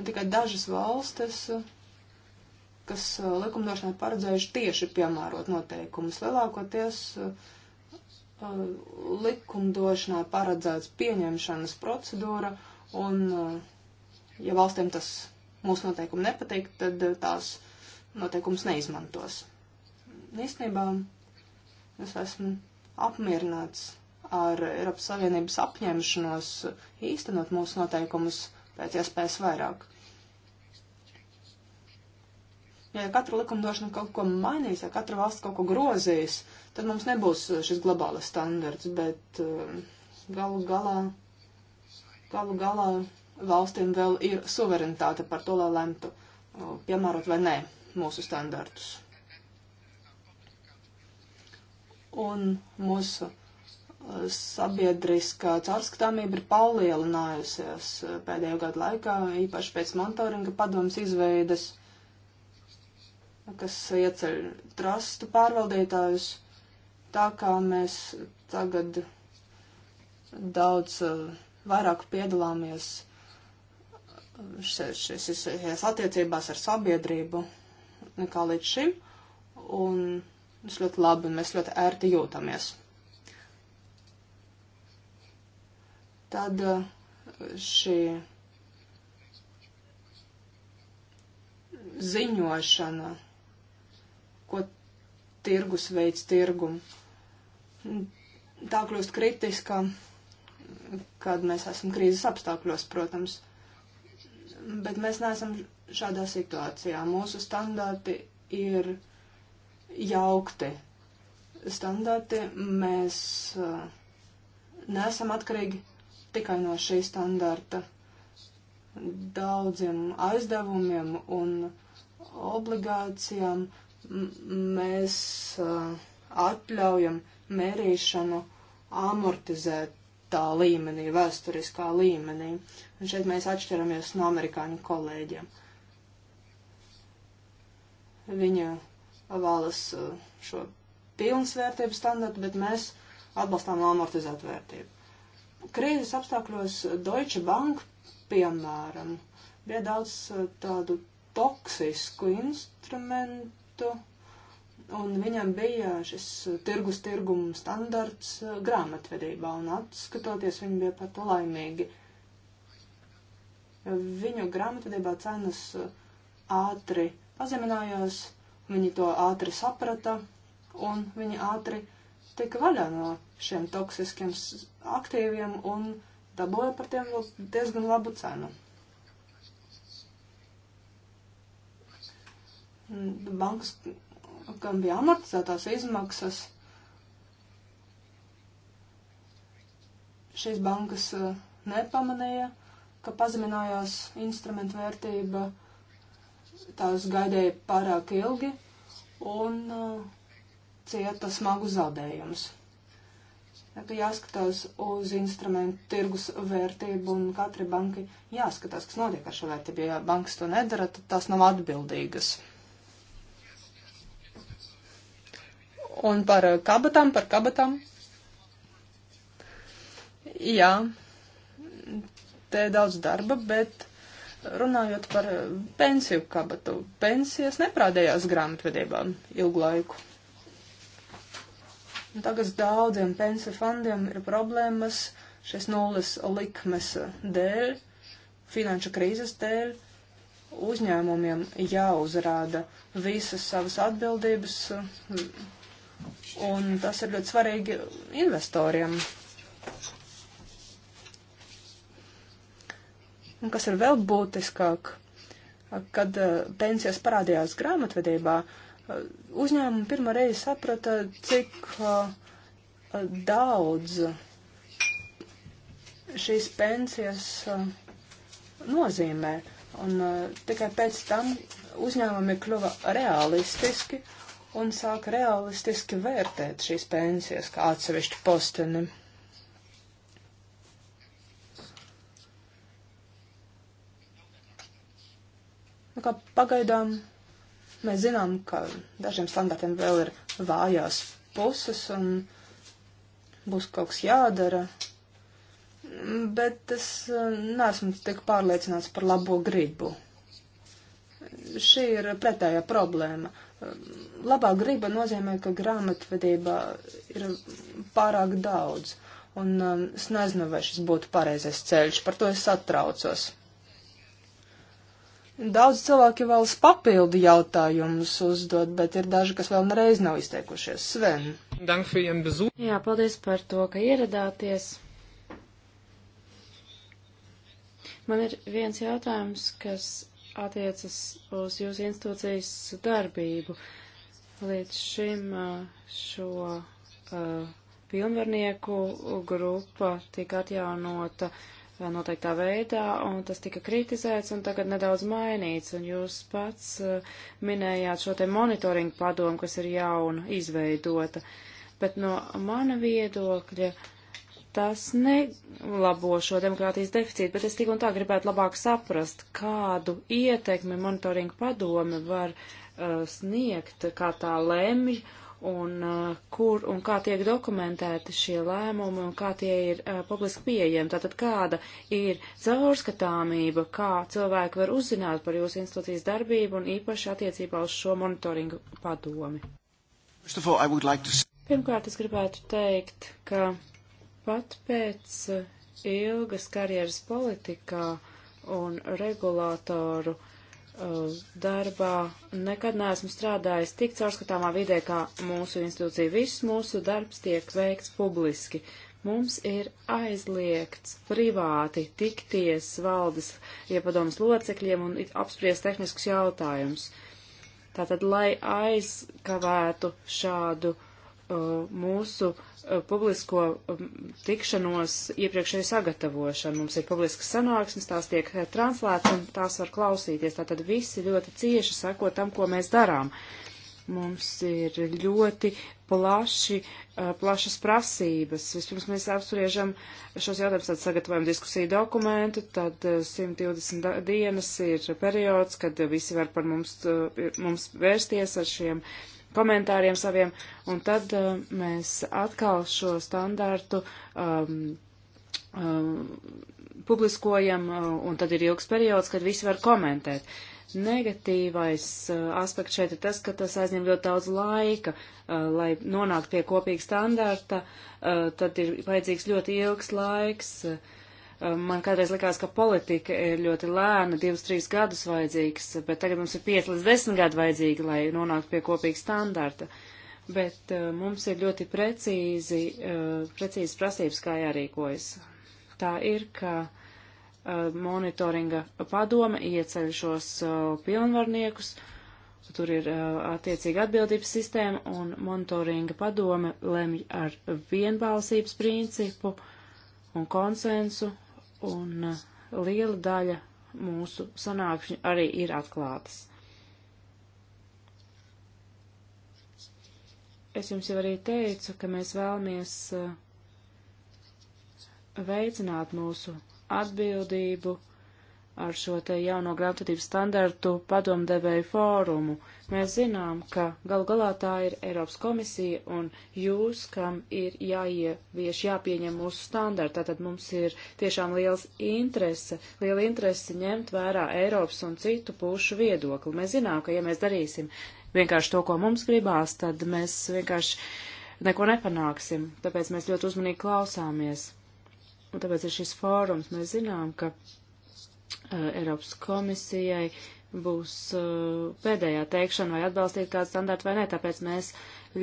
Un tikai dažas valstis, e, kas likumdošanai paredzējuši tieši piemērot noteikumus, lielākoties likumdošanā paredzēts pieņemšanas procedūra, un ja valstiem tas mūsu noteikumi nepatīk, tad eh, tās noteikums neizmantos. Īstenībā es esmu apmierināts ar Eiropas Savienības apņemšanos īstenot mūsu noteikumus pēc iespējas vairāk. Ja katra likumdošana kaut ko mainīs, ja katra valsts kaut ko grozīs, tad mums nebūs šis globālais standarts, bet eh, galu galā, galu galā valstīm vēl ir suverenitāte par to, lai lemtu, piemērot vai nē mūsu standartus. Un mūsu sabiedriskā caurskatāmība ir palielinājusies pēdējo gadu laikā, īpaši pēc monitoringa padomas izveides, kas ieceļ trustu pārvaldītājus. Tā kā mēs tagad daudz vairāk piedalāmies šajās attiecībās ar sabiedrību nekā līdz šim. Un tas ļoti labi, un mēs ļoti ērti jūtamies. Tad eh, šī ziņošana, ko tirgus veids tirgumu, tā kļūst kritiska, kad mēs esam krīzes apstākļos, protams bet mēs neesam šādā situācijā. Mūsu standarti ir jaukti. Standarti mēs uh, neesam atkarīgi tikai no šī standarta. Daudziem aizdevumiem un obligācijām mēs uh, atļaujam mērīšanu amortizēt tā līmenī, vēsturiskā līmenī. Un šeit mēs atšķiramies no amerikāņu kolēģiem. Viņa vēlas uh, šo pilnsvērtību standartu, bet mēs atbalstām amortizētu vērtību. Krīzes apstākļos Deutsche Bank, piemēram, bija daudz uh, tādu toksisku instrumentu, un viņam bija šis tirgus tirgumu standarts eh, grāmatvedībā, un atskatoties viņi bija pat laimīgi. Viņu grāmatvedībā cenas eh, ātri pazeminājās, viņi to ātri saprata, un viņi ātri tika vaļā no šiem toksiskiem aktīviem un dabūja par tiem diezgan labu cenu. Mm, bankas kam bija amortizētās izmaksas, šīs bankas uh, nepamanīja, ka pazeminājās instrumentu vērtība, tās gaidīja pārāk ilgi un uh, cieta smagu zaudējumus. Tad jāskatās uz instrumentu tirgus vērtību un katrai bankai jāskatās, kas notiek ar šo vērtību. Ja bankas to nedara, tad tās nav atbildīgas. un par eh, kabatām, par kabatām. Jā, te daudz darba, bet runājot par eh, pensiju kabatu, pensijas neprādējās grāmatvedībām ilgu laiku. Un tagad daudziem pensiju fondiem ir problēmas šīs nulles likmes dēļ, finanšu krīzes dēļ. Uzņēmumiem jāuzrāda visas savas atbildības, Un tas ir ļoti svarīgi investoriem. Un kas ir vēl būtiskāk, kad eh, pensijas parādījās grāmatvedībā, eh, uzņēmumi pirmo reizi saprata, cik eh, daudz šīs pensijas nozīmē. Un tikai pēc tam uzņēmumi kļuva realistiski un sāk realistiski vērtēt šīs pensijas kā atsevišķu posteni. Nu, kā pagaidām mēs zinām, ka dažiem standartiem vēl ir vājās puses un būs kaut kas jādara, bet es eh, neesmu tik pārliecināts par labo gribu. Šī ir pretējā problēma labā griba nozīmē, ka grāmatvedībā ir pārāk daudz. Un um, es nezinu, vai šis būtu pareizais ceļš, par to es satraucos. Daudz cilvēki vēlas papildu jautājumus uzdot, bet ir daži, kas vēl nereiz nav izteikušies. Sven. Jā, paldies par to, ka ieradāties. Man ir viens jautājums, kas attiecas uz jūsu institūcijas darbību. Līdz šim šo pilnvarnieku grupa tika atjaunota noteiktā veidā, un tas tika kritizēts un tagad nedaudz mainīts. Un jūs pats minējāt šo te monitoringu padomu, kas ir jauna, izveidota. Bet no mana viedokļa. Uh, tas nelabo šo demokrātijas deficītu, bet es tik un tā gribētu labāk saprast, kādu ietekmi monitoringa padome var uh, sniegt, kā tā lemj un uh, kur un kā tiek dokumentēti šie lēmumi un kā tie ir uh, publiski pieejami. Tātad kāda ir caurskatāmība, kā cilvēki var uzzināt par jūsu institūcijas darbību un īpaši attiecībā uz šo monitoringu padomi. All, like to... Pirmkārt, es gribētu teikt, ka Pat pēc eh, ilgas karjeras politikā un regulātoru uh, darbā nekad neesmu strādājis tik caurskatāmā vidē kā mūsu institūcija. Viss mūsu darbs tiek veikts publiski. Mums ir aizliegts privāti tikties valdes iepadomas locekļiem un apspriest tehniskus jautājumus. Tātad, lai aizkavētu šādu uh, Uh, mūsu uh, publisko um, tikšanos iepriekšēju sagatavošanu. Mums ir publiskas sanāksmes, tās tiek uh, translētas un tās var klausīties. Tātad visi ļoti cieši sako tam, ko mēs darām. Mums ir ļoti plaši, plašas prasības. Vispirms mēs apspriežam šos jautājumus, tad sagatavojam diskusiju dokumentu, tad 120 dienas ir periods, kad visi var par mums, mums vērsties ar šiem uh, komentāriem saviem, un tad uh, mēs atkal šo standārtu um, um, publiskojam, uh, un tad ir ilgs periods, kad visi var komentēt. Negatīvais uh, aspekts šeit ir tas, ka tas aizņem ļoti daudz laika, uh, lai nonāktu pie kopīga standarta, uh, tad ir vajadzīgs ļoti ilgs laiks. Uh, Um, man kādreiz likās, ka politika ir ļoti lēna, divus, trīs gadus vajadzīgs, bet tagad mums ir pieci līdz desmit gadi vajadzīgi, lai nonāktu pie kopīga standarta. Bet uh, mums ir ļoti precīzi, uh, precīzi prasības, kā jārīkojas. Tā ir, ka uh, monitoringa padome ieceļ šos uh, pilnvarniekus, tur ir uh, attiecīga atbildības sistēma, un monitoringa padome lemj ar vienbalsības principu, uh, un konsensu, un uh, liela daļa mūsu sanākšņu arī ir atklātas. Es jums jau arī teicu, ka mēs vēlamies uh, veicināt mūsu atbildību ar šo te jauno grāmatvedības standartu padomdevēju fórumu. Mēs zinām, ka galu galā tā ir Eiropas komisija un jūs, kam ir jāievieš, jāpieņem mūsu standarti. Tātad mums ir tiešām liels interese, liela interese ņemt vērā Eiropas un citu pušu viedokli. Mēs zinām, ka ja mēs darīsim vienkārši to, ko mums gribās, tad mēs vienkārši neko nepanāksim. Tāpēc mēs ļoti uzmanīgi klausāmies. Un tāpēc ir šis fórums. Mēs zinām, ka Eh, Eiropas komisijai būs eh, pēdējā teikšana, vai atbalstīt kādu standartu vai nē, tāpēc mēs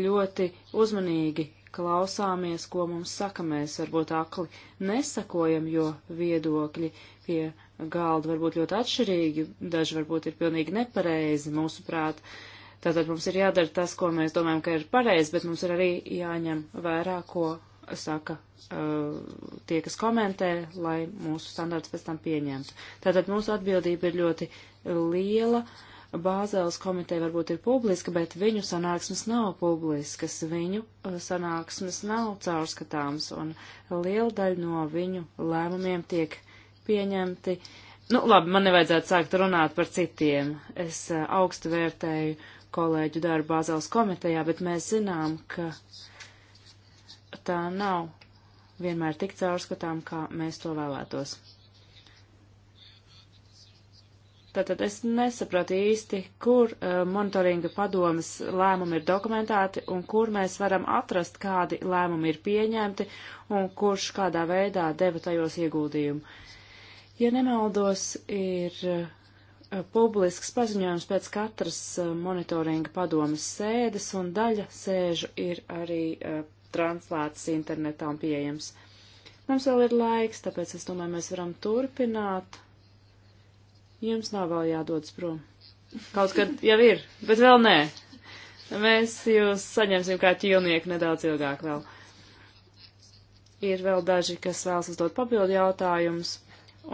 ļoti uzmanīgi klausāmies, ko mums saka, mēs varbūt akli nesakojam, jo viedokļi pie galda varbūt ļoti atšķirīgi, daži varbūt ir pilnīgi nepareizi, mūsuprāt. Tātad mums ir jādara tas, ko mēs domājam, ka ir pareizi, bet mums ir arī jāņem vērā, ko saka uh, tie, kas komentē, lai mūsu standarts pēc tam pieņemtu. Tātad mūsu atbildība ir ļoti liela. Bāzēlas komiteja varbūt ir publiska, bet viņu sanāksmes nav publiskas, viņu uh, sanāksmes nav caurskatāms, un liela daļa no viņu lēmumiem tiek pieņemti. Nu, labi, man nevajadzētu sākt runāt par citiem. Es uh, augstu vērtēju kolēģu darbu Bāzēlas komitejā, bet mēs zinām, ka uh, tā nav vienmēr tik caurskatām, kā mēs to vēlētos. Tātad es nesapratu īsti, kur uh, monitoringa padomas lēmumi ir dokumentēti un kur mēs varam atrast, kādi lēmumi ir pieņemti un kurš kādā veidā deva tajos ieguldījumu. Ja nemaldos, ir uh, publisks paziņojums pēc katras uh, monitoringa padomas sēdes un daļa sēžu ir arī uh, translēts internetā un pieejams. Mums vēl ir laiks, tāpēc es domāju, mēs varam turpināt. Jums nav vēl jādodas prom. Kaut kad jau ir, bet vēl nē. Mēs jūs saņemsim kā ķīlnieku nedaudz ilgāk vēl. Ir vēl daži, kas vēlas uzdot papildu jautājumus,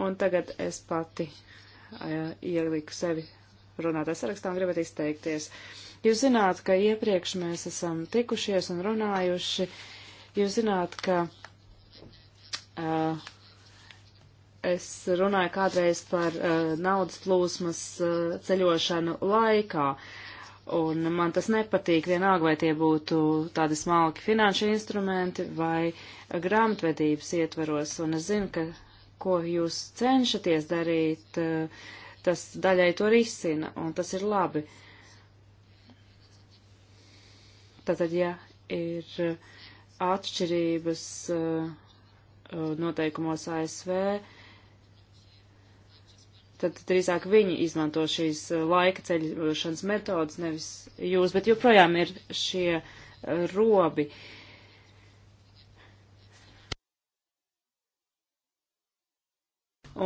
un tagad es pati uh, ieliku sevi runātājs sarakstā un gribat izteikties. Uh, Jūs zināt, ka iepriekš mēs esam tikušies un runājuši. Jūs zināt, ka uh, es runāju kādreiz par uh, naudas plūsmas uh, ceļošanu laikā. Un man tas nepatīk vienalga, vai tie būtu tādi smalki finanšu instrumenti vai grāmatvedības ietveros. Un es zinu, ka ko jūs cenšaties darīt, uh, tas daļai to risina, un tas ir labi. Uh, Tātad, ja ir atšķirības uh, uh, noteikumos ASV, tad drīzāk viņi izmanto šīs uh, laika ceļošanas metodas, nevis jūs, bet joprojām ir šie robi.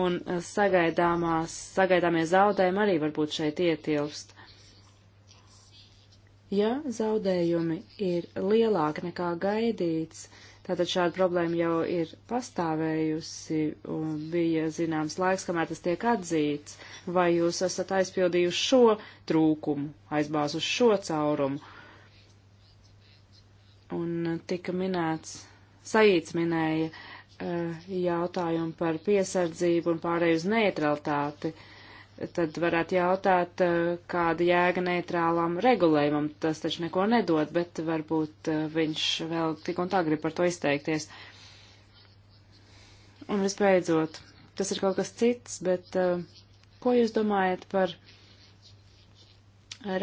Un sagaidāmās, sagaidāmie zaudējumi arī varbūt šeit ietilpst. Ja zaudējumi ir lielāki nekā gaidīts, tātad šāda problēma jau ir pastāvējusi un bija zināms laiks, kamēr tas tiek atzīts, vai jūs esat aizpildījuši šo trūkumu, aizbāzuši šo caurumu. Un tika minēts, Saīts minēja uh, jautājumu par piesardzību un pārēju uz neutralitāti. Uh, tad varētu jautāt, eh, kāda jēga neitrālām regulējumam. Tas taču neko nedod, bet varbūt eh, viņš vēl tik un tā grib par to izteikties. Un visbeidzot, tas ir kaut kas cits, bet eh, ko jūs domājat par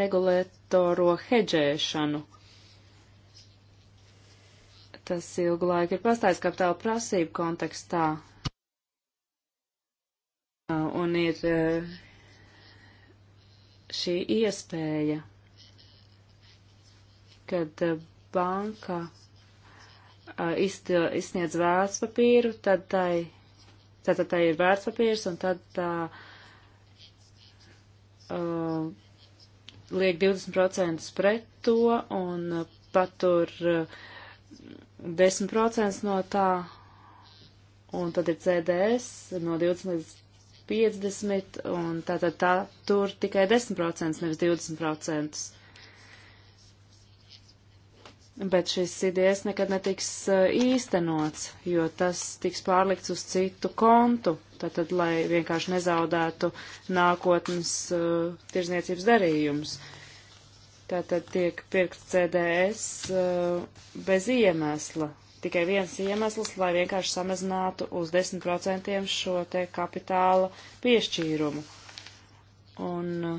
regulētoro hedžēšanu? Tas ilgu laiku ir pastājis kapitāla prasību kontekstā. Un ir šī iespēja, kad eh, banka eh, izsniedz vērtspapīru, tad tai, tad, tad tai ir vērtspapīrs un tad tā uh, liek 20% pret to un patur uh, 10% no tā, un tad ir CDS no 20 līdz 50, un tātad tā, tā tur tikai 10%, nevis 20%. Bet šis idejas nekad netiks eh, īstenots, jo tas tiks pārlikts uz citu kontu, tātad, lai vienkārši nezaudētu nākotnes uh, tirzniecības darījumus. Tātad tiek pirkt CDS uh, eh, bez iemesla, tikai viens iemesls, lai vienkārši samazinātu uz 10% šo te kapitāla piešķīrumu. Un uh,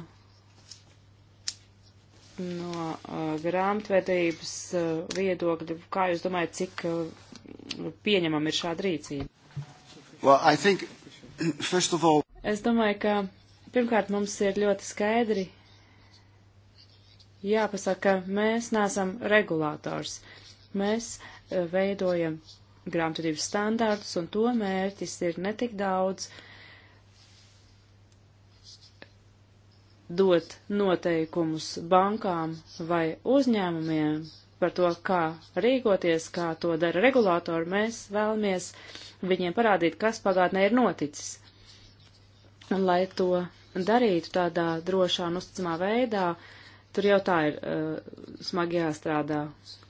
no uh, grāmatvedības uh, viedokļa, kā jūs domājat, cik uh, pieņemam ir šāda rīcība? Well, I think, [clears throat] first of all... Es domāju, ka pirmkārt mums ir ļoti skaidri jāpasaka, ka mēs neesam regulātors. Uh, Mēs eh, veidojam grāmatvedības standārtus, un to mērķis ir netik daudz dot noteikumus bankām vai uzņēmumiem par to, kā rīkoties, kā to dara regulātori. Mēs vēlamies viņiem parādīt, kas pagātnē ir noticis. Un lai to darītu tādā drošā un uzticamā veidā, uh, tur jau tā ir uh, smagi jāstrādā.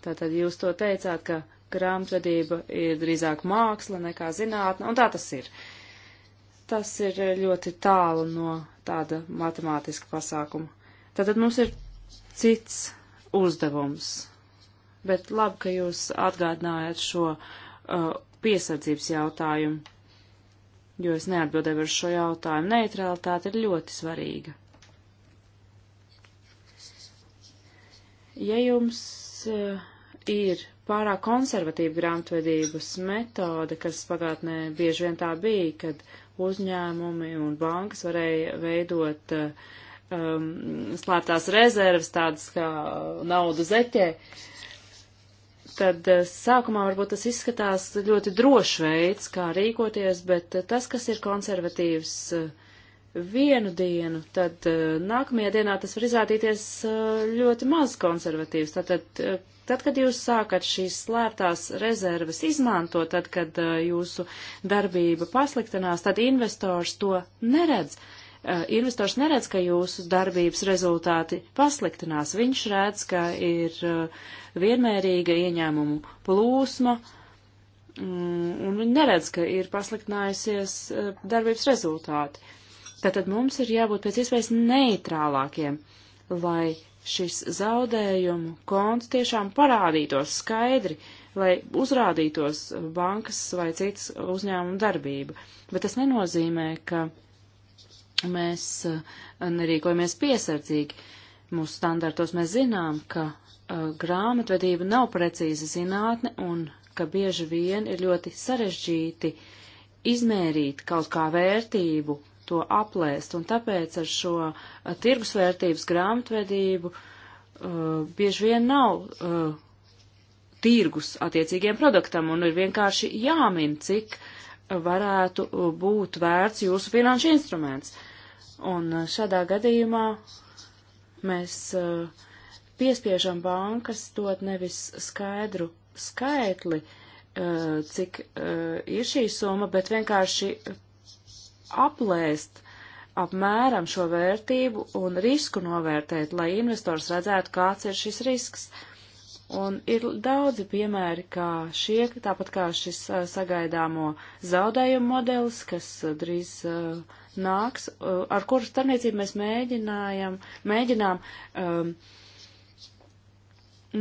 Tātad jūs to teicāt, ka grāmatvedība ir drīzāk māksla nekā zinātne, un tā tas ir. Tas ir ļoti tālu no tāda matemātiska pasākuma. Tātad mums ir cits uzdevums. Bet labi, ka jūs atgādinājāt šo uh, piesardzības jautājumu, jo es neatbildēju ar šo jautājumu. Neutralitāte ir ļoti svarīga. Ja jums eh, ir pārāk konservatīva grāmatvedības metode, kas pagātnē bieži vien tā bija, kad uzņēmumi un bankas varēja veidot eh, um, slēptās rezerves, tādas kā naudu zeķē, tad eh, sākumā varbūt tas izskatās ļoti drošs veids, kā rīkoties, bet tas, kas ir konservatīvs, uh, vienu dienu, tad eh, nākamajā dienā tas var izrādīties eh, ļoti maz konservatīvs. Tātad, eh, tad, kad jūs sākat šīs slēptās rezerves izmantot, tad, kad jūsu darbība pasliktinās, tad investors to neredz. Investors neredz, ka jūsu darbības rezultāti pasliktinās. Viņš redz, ka ir vienmērīga ieņēmumu plūsma, mm, un viņi neredz, ka ir pasliktinājusies darbības rezultāti. Tātad mums ir jābūt pēc iespējas neitrālākiem, lai šis zaudējumu konts tiešām parādītos skaidri, lai uzrādītos bankas vai citas uzņēmuma darbība. Bet tas nenozīmē, ka mēs eh, nerīkojamies piesardzīgi. Mūsu standartos mēs zinām, ka uh, grāmatvedība nav precīza zinātne un ka bieži vien ir ļoti sarežģīti izmērīt kaut kā vērtību uh, to aplēst. Un tāpēc ar šo a, uh, tirgusvērtības grāmatvedību a, uh, bieži vien nav a, uh, tirgus attiecīgiem produktam un ir vienkārši jāmin, cik varētu būt vērts jūsu finanšu instruments. Un šādā gadījumā mēs piespiežam bankas dot nevis skaidru skaitli, cik ir šī summa, bet vienkārši aplēst apmēram šo vērtību un risku novērtēt, lai investors redzētu, kāds ir šis risks. Un ir daudzi piemēri, kā šie, tāpat kā šis sagaidāmo zaudējumu modelis, kas drīz uh, nāks, uh, ar kuru starpniecību mēs mēģinājam, mēģinām um,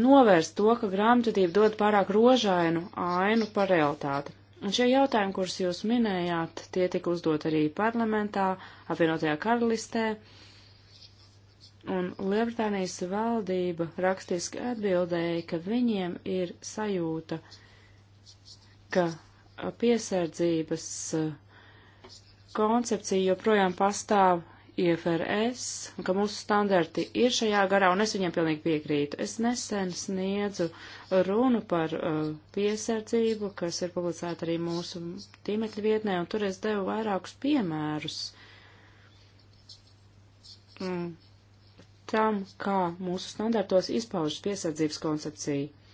novērst to, ka grāmatvedība dod pārāk rožainu ainu par realitāti. Un šie jautājumi, kurus jūs minējāt, tie tika uzdot arī parlamentā, apvienotajā karalistē, un Lielbritānijas valdība rakstiski atbildēja, ka viņiem ir sajūta, ka piesardzības koncepcija joprojām pastāv IFRS un ka mūsu standarti ir šajā garā, un es viņiem pilnīgi piekrītu. Es nesen sniedzu runu par uh, piesardzību, kas ir publicēta arī mūsu tīmekļa vietnē, un tur es devu vairākus piemērus mm, tam, kā mūsu standartos izpaužas piesardzības koncepcija.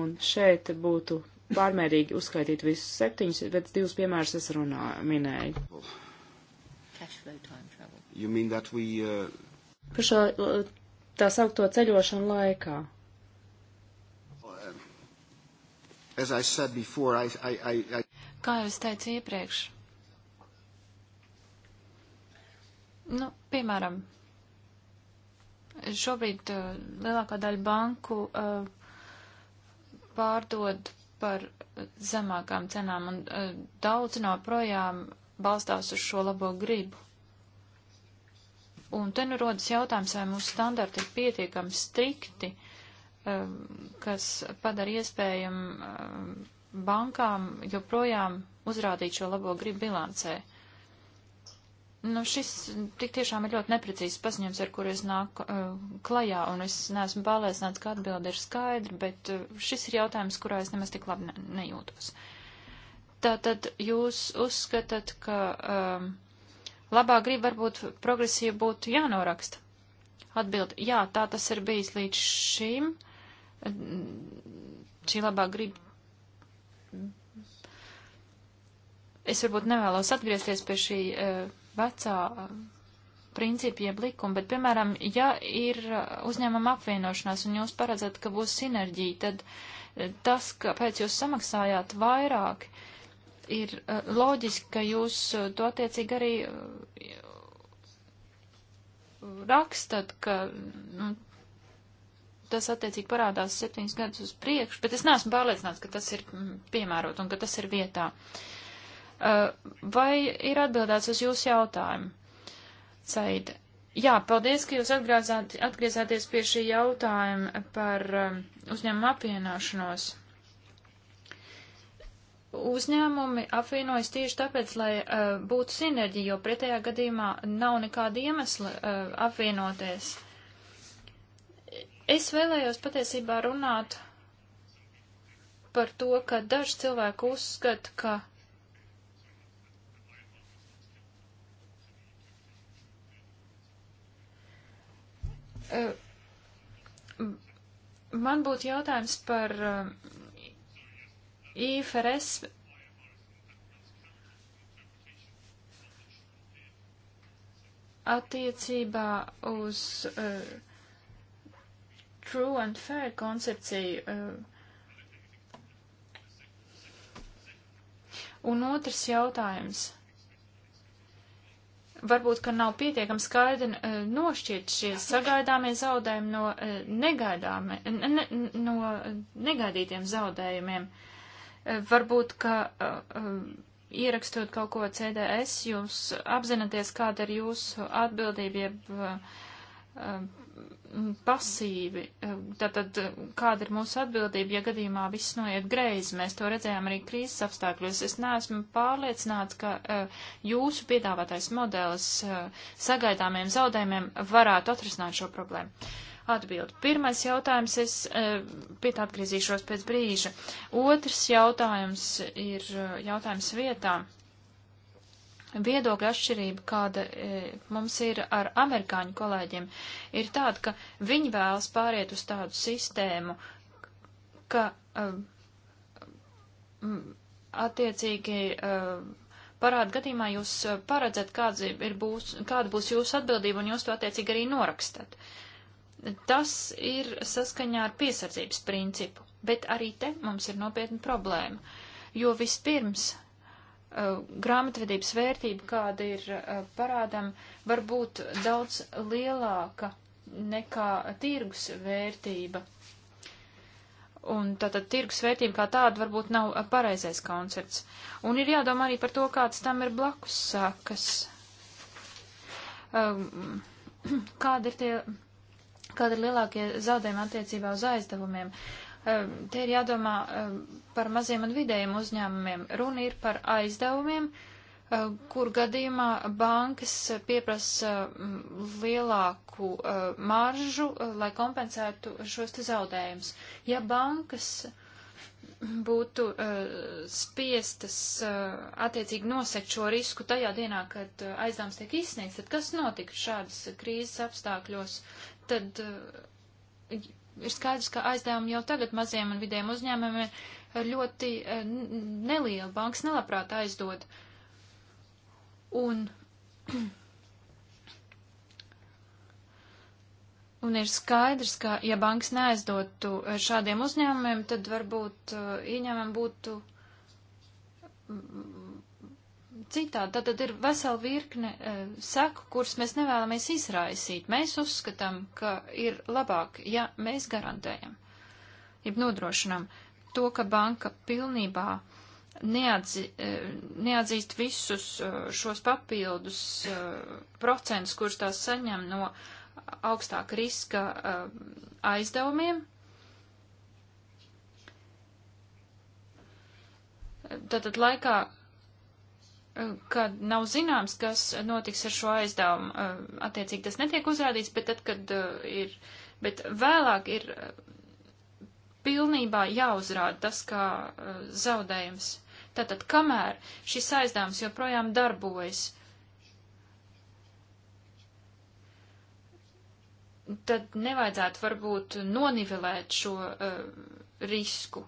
Un šeit būtu pārmērīgi uzskaitīt visus septiņus, bet divus piemērus es runāju, minēju cash flow time travel. You mean that we... Uh... Par šo uh, tā saukto ceļošanu laikā. Uh, as I said before, I, I, I, I... Kā jau es teicu iepriekš, nu, piemēram, šobrīd uh, lielākā daļa banku uh, pārdod par zemākām cenām, un uh, daudz no projām balstās uz šo labo gribu. Un te nu rodas jautājums, vai mūsu standarti ir pietiekami strikti, um, kas padara iespējam um, bankām joprojām uzrādīt šo labo gribu bilancē. Nu, šis tik tiešām ir ļoti neprecīzs paziņojums, ar kuru es nāku uh, klajā, un es neesmu pārliecināts, ka atbilde ir skaidra, bet uh, šis ir jautājums, kurā es nemaz tik labi ne nejūtos. Uh, Tātad jūs uzskatāt, ka um, labā grība varbūt progresija būtu jānoraksta? Atbild, jā, tā tas ir bijis līdz šim. Šī labā grība. Es varbūt nevēlos atgriezties pie šī uh, vecā. Uh, principi jeb likumi, bet, piemēram, ja ir uh, uzņēmuma apvienošanās un jūs paredzat, ka būs sinerģija, tad uh, tas, kāpēc jūs samaksājāt vairāk, uh, ir uh, loģiski, ka jūs uh, to attiecīgi arī uh, rakstat, ka nu, tas attiecīgi parādās septiņus gadus uz priekšu, bet es neesmu pārliecināts, ka tas ir mm, piemērot un ka tas ir vietā. Vai ir atbildēts uz jūsu jautājumu, Said? Jā, paldies, ka jūs atgriezāt, atgriezāties pie šī jautājuma par uzņēmumu apvienošanos uzņēmumi apvienojas tieši tāpēc, lai uh, būtu sinerģija, jo pretējā gadījumā nav nekāda iemesla uh, apvienoties. Es vēlējos patiesībā runāt par to, ka daži cilvēki uzskata, ka eh, Man būtu jautājums par uh, IFRS attiecībā uz uh, true and fair koncepciju. Uh, un otrs jautājums varbūt, ka nav pietiekami skaidri eh, nošķirt šie sagaidāmie zaudējumi no, negaidāmi, ne, no negaidītiem zaudējumiem. Uh, Varbūt, ka uh, um, ierakstot kaut ko CDS, jūs apzināties, kāda ir jūsu atbildība, jeb uh, um, pasīvi, uh, tātad kāda ir mūsu atbildība, ja gadījumā viss noiet greizi. Mēs to redzējām arī krīzes apstākļos. Es neesmu pārliecināts, ka jūsu piedāvātais modelis sagaidāmiem zaudējumiem varētu atrisināt šo problēmu atbildi. Pirmais jautājums, es e, pie tā atgriezīšos pēc brīža. Otrs jautājums ir e, jautājums vietā. Viedokļa atšķirība, kāda e, mums ir ar amerikāņu kolēģiem, ir tāda, ka viņi vēlas pāriet uz tādu sistēmu, ka attiecīgi parāda gadījumā jūs paredzat, kāds ir būs, kāda būs jūsu atbildība, un jūs to attiecīgi arī norakstat. Tas ir saskaņā ar piesardzības principu, bet arī te mums ir nopietna problēma, jo vispirms uh, grāmatvedības vērtība, kāda ir uh, parādam, var būt daudz lielāka nekā tirgus vērtība. Un tātad tirgus vērtība kā tāda varbūt nav uh, pareizais koncepts. Un ir jādomā arī par to, kāds tam ir blakus sākas. Um, [clears throat] kāda ir tie kāda ir lielākie zaudējumi attiecībā uz aizdevumiem. Ehm, te ir jādomā ehm, par maziem un vidējiem uzņēmumiem. Runa ir par aizdevumiem, ehm, kur gadījumā bankas pieprasa lielāku maržu, eh, lai kompensētu šos te zaudējumus. Ja bankas būtu spiestas attiecīgi nosekt šo risku tajā dienā, kad aizdevums tiek izsniegts, tad kas notika šādas krīzes apstākļos? tad eh, ir skaidrs, ka aizdevumi jau tagad maziem un vidiem uzņēmumiem ir ļoti eh, neliela. Banks nelabprāt aizdod. Un, [clears throat] un ir skaidrs, ka ja banks neaizdotu eh, šādiem uzņēmumiem, tad varbūt ieņēmumi būtu citādi. Tātad ir vesela virkne uh, seku, kuras mēs nevēlamies izraisīt. Mēs uzskatām, ka ir labāk, ja mēs garantējam, ja nodrošinām to, ka banka pilnībā neatzi, uh, neatzīst visus uh, šos papildus uh, procentus, kurus tās saņem no augstāka riska uh, aizdevumiem, tātad laikā, kad nav zināms, kas notiks ar šo aizdevumu. Eh, attiecīgi tas netiek uzrādīts, bet tad, kad eh, ir, bet vēlāk ir eh, pilnībā jāuzrāda tas kā zaudējums. Tātad, kamēr šis aizdevums joprojām darbojas, tad nevajadzētu varbūt nonivelēt šo uh, risku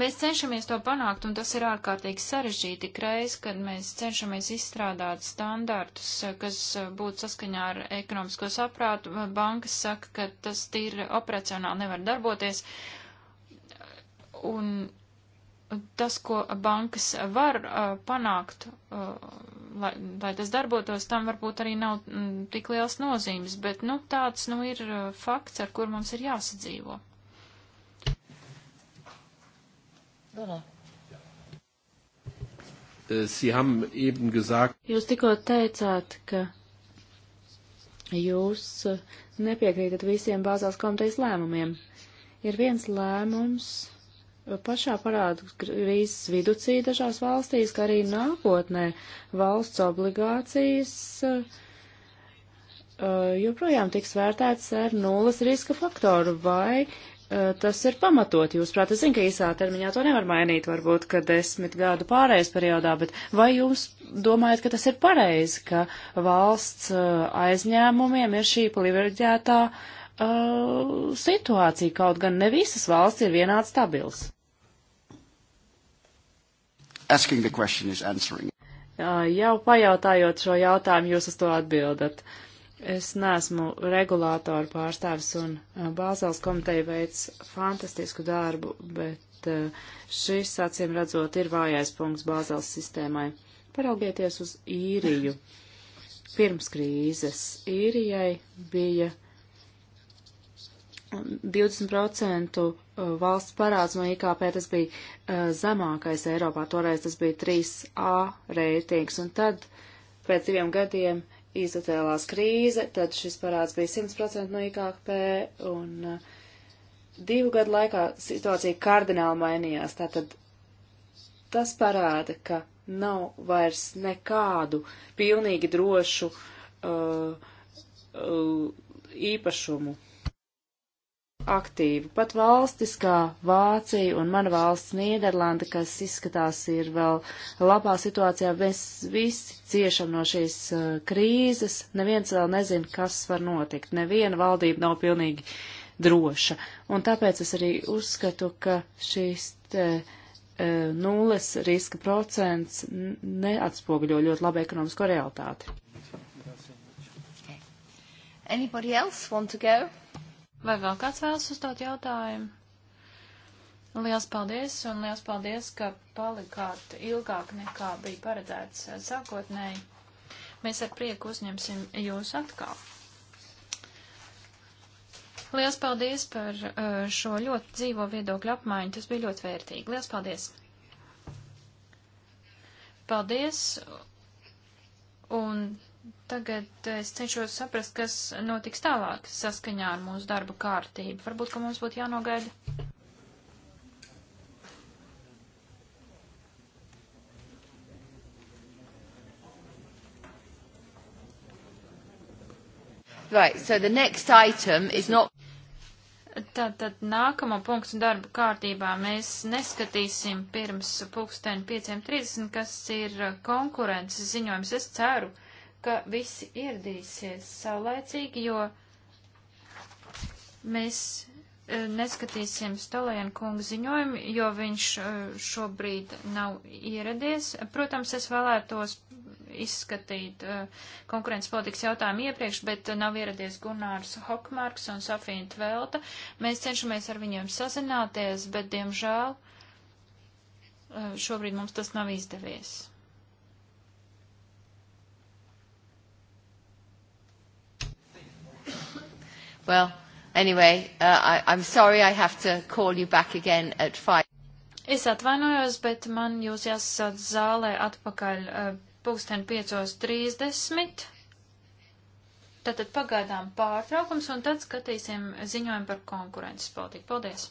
mēs cenšamies to panākt, un tas ir ārkārtīgi sarežģīti kreis, kad mēs cenšamies izstrādāt standartus, eh, kas eh, būtu saskaņā ar ekonomisko saprātu. Eh, bankas saka, ka tas tīri operacionāli nevar darboties. Un tas, ko bankas var panākt, lai, lai tas darbotos, tam varbūt arī nav mm, tik liels nozīmes, bet, nu, tāds, nu, ir fakts, ar kur mums ir jāsadzīvo. Äh, jūs tikko teicāt, ka jūs äh, nepiekrītat visiem bāzās komitejas lēmumiem. Ir viens lēmums uh, pašā parādu krīzes viducī dažās valstīs, ka arī nākotnē valsts obligācijas uh, uh, joprojām tiks vērtētas ar nulles riska faktoru vai tas ir pamatot. Jūs prāt, es zinu, ka īsā termiņā to nevar mainīt, varbūt, ka desmit gadu pārējais periodā, bet vai jūs domājat, ka tas ir pareizi, ka valsts aizņēmumiem ir šī privileģētā uh, situācija, kaut gan ne visas valsts ir vienāds stabils? Asking the question is answering. Uh, jau pajautājot šo jautājumu, jūs uz to atbildat. Uh, Es neesmu regulātoru pārstāvis un eh, Bāzels komiteja veic fantastisku darbu, bet eh, šis, acīm redzot, ir vājais punkts Bāzels sistēmai. Paraugieties uz īriju. Pirms krīzes īrijai bija 20% eh, valsts parāds no IKP, tas bija zemākais Eiropā, toreiz tas bija 3A reitings, un tad pēc diviem gadiem uh, izatēlās krīze, tad šis parāds bija 100% no IKP, un uh, divu gadu laikā situācija kardināli mainījās. Tātad tas parāda, ka nav vairs nekādu pilnīgi drošu uh, uh, īpašumu aktīvi. Pat valstis kā Vācija un mana valsts Niederlanda, kas izskatās ir vēl labā situācijā, mēs visi ciešam no šīs uh, krīzes. Neviens vēl nezina, kas var notikt. Neviena valdība nav pilnīgi droša. Un tāpēc es arī uzskatu, ka šīs te, uh, nulles riska procents neatspogļo ļoti labu ekonomisko realitāti. Okay. Anybody else want to go? Vai vēl kāds vēlas uzdot jautājumu? Liels paldies un liels paldies, ka palikāt ilgāk nekā bija paredzēts sākotnēji. Mēs ar prieku uzņemsim jūs atkal. Liels paldies par uh, šo ļoti dzīvo viedokļu apmaiņu. Tas bija ļoti vērtīgi. Liels paldies! Paldies! Un Tagad es cenšos saprast, kas notiks tālāk saskaņā ar mūsu darba kārtību. Varbūt, ka mums būtu jānogaida. Right, so the next item is not. Tātad nākamo punktu darba kārtībā mēs neskatīsim pirms pulksteni 5.30, kas ir konkurences ziņojums. Es ceru, ka ka visi ieradīsies saulēcīgi, jo mēs e, neskatīsim Stolēna kunga ziņojumu, jo viņš e, šobrīd nav ieradies. Protams, es vēlētos izskatīt e, konkurences politikas jautājumu iepriekš, bet nav ieradies Gunārs Hokmārks un Safīna Tvelta. Mēs cenšamies ar viņiem sazināties, bet, diemžēl, šobrīd mums tas nav izdevies. Well, anyway, uh, I, I'm sorry I have to call you back again at five. Es atvainojos, bet man jūs jāsasāc zālē atpakaļ uh, pulksten 5.30. Tātad pagaidām pārtraukums un tad skatīsim ziņojumu par konkurences politiku. Paldies!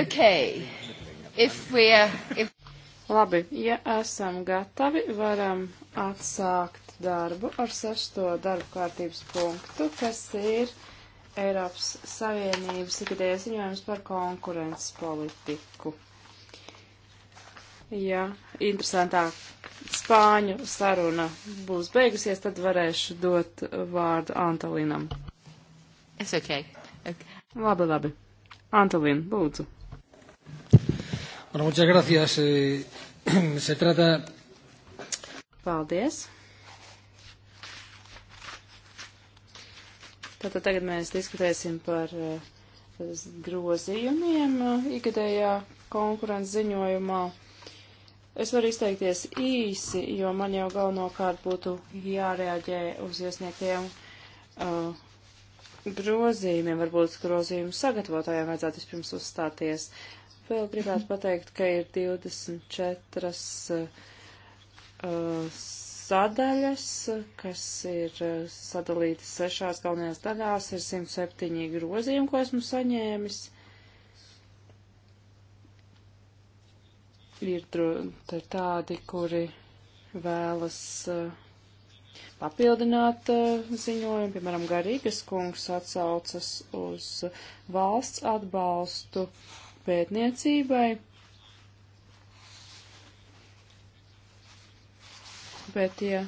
Okay. If we are, if... Labi, ja esam gatavi, varam atsākt darbu ar sesto darbu kārtības punktu, kas ir Eiropas Savienības ikadējas ziņojums par konkurences politiku. Ja interesantāk spāņu saruna būs beigusies, tad varēšu dot vārdu Antolinam. Es okay. Labi, labi. Antolīna, lūdzu. Bueno, muchas gracias. Eh, [clears throat] se trata. Paldies. Tātad tagad mēs diskutēsim par eh, grozījumiem eh, ikgadējā konkurences ziņojumā. Es varu izteikties īsi, jo man jau galvenokārt būtu jārēģē uz iesniegtiem uh, grozījumiem, varbūt grozījumu sagatavotājiem vajadzētu vispirms uzstāties. Vēl gribētu pateikt, ka ir 24 uh, sadaļas, kas ir uh, sadalītas sešās galvenajās daļās, ir 107 grozījumi, ko esmu saņēmis. Ir tādi, kuri vēlas uh, papildināt eh, ziņojumu, piemēram, Garīgas kungs atsaucas uz valsts atbalstu pētniecībai. Bet, ja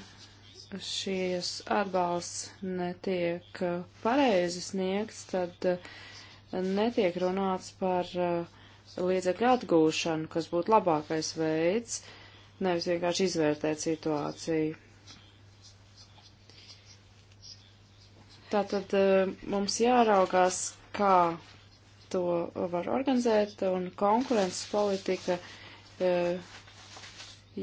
šīs atbalsts netiek eh, pareizi sniegts, tad eh, netiek runāts par līdzekļu atgūšanu, kas būtu labākais veids, nevis vienkārši izvērtēt situāciju. Tātad eh, mums jāraugās, kā to var organizēt, un konkurences politika eh,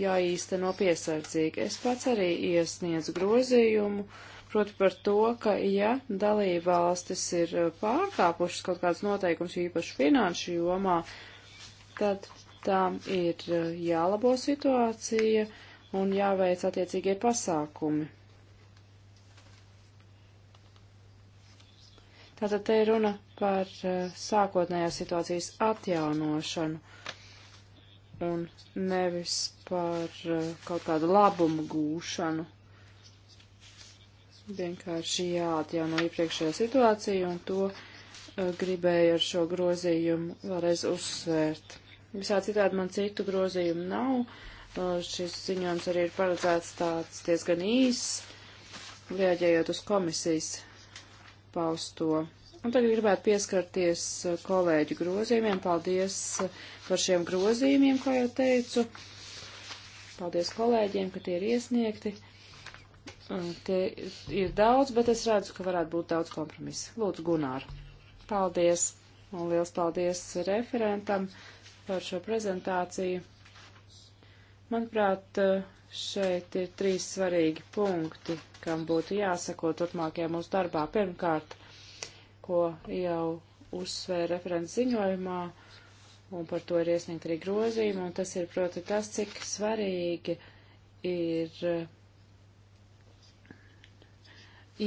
jāīsteno piesardzīgi. Es pats arī iesniedzu grozījumu, proti par to, ka, ja dalībvalstis ir eh, pārkāpušas kaut kādas noteikums, īpaši finanšu jomā, tad tām ir jālabo situācija un jāveic attiecīgie pasākumi. Tātad te ir runa par eh, sākotnējās situācijas atjaunošanu un nevis par eh, kaut kādu labumu gūšanu. Vienkārši jāatjauno iepriekšējā situācija un to eh, gribēju ar šo grozījumu vēlreiz uzsvērt. Visā citādi man citu grozījumu nav. Šis ziņojums arī ir paredzēts tāds diezgan īs, rēģējot uz komisijas pausto. Un tagad gribētu pieskarties uh, kolēģu grozījumiem. Paldies uh, par šiem grozījumiem, kā jau teicu. Paldies kolēģiem, ka tie ir iesniegti. Tie ir daudz, bet es redzu, ka varētu būt daudz kompromisu. Lūdzu, Gunār. Paldies. Un liels paldies referentam par šo prezentāciju. Manuprāt, eh, šeit ir trīs svarīgi punkti, kam būtu jāsako turpmākajā mūsu darbā. Pirmkārt, ko jau uzsvēra referents ziņojumā, un par to ir iesniegt arī grozījumi, un tas ir proti tas, cik svarīgi ir eh,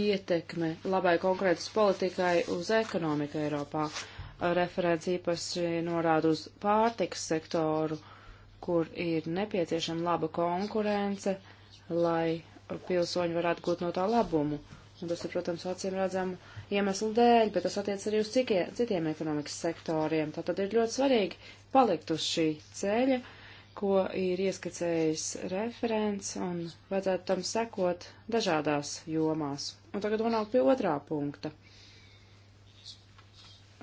ietekme labai konkrētas politikai uz ekonomiku Eiropā. Referents īpaši norāda uz pārtiks sektoru. Uh, kur ir nepieciešama laba konkurence, lai pilsoņi varētu gūt no tā labumu. Un tas ir, protams, acīm redzamu iemeslu dēļ, bet tas attiec arī uz cikie, citiem ekonomikas sektoriem. Tātad ir ļoti svarīgi palikt uz šī ceļa, ko ir ieskicējis referents, un vajadzētu tam sekot dažādās jomās. Un tagad nonāk pie otrā punkta.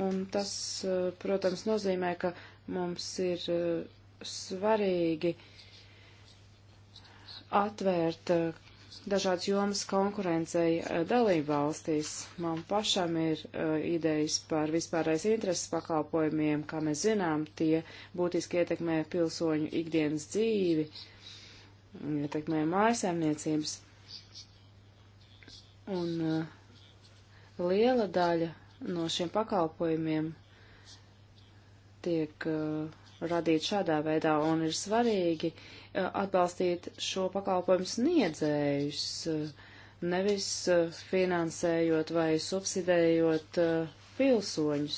Un tas, eh, protams, nozīmē, ka mums ir eh, svarīgi atvērt eh, dažādas jomas konkurencei eh, dalību valstīs. Man pašam ir uh, idejas par vispārreiz intereses pakalpojumiem, kā mēs zinām, tie būtiski ietekmē pilsoņu ikdienas dzīvi, ietekmē mājasēmniecības. Un uh, liela daļa no šiem pakalpojumiem tiek uh, radīt šādā veidā, un ir svarīgi e, atbalstīt šo pakalpojumu sniedzējus, e, nevis e, finansējot vai subsidējot pilsoņus,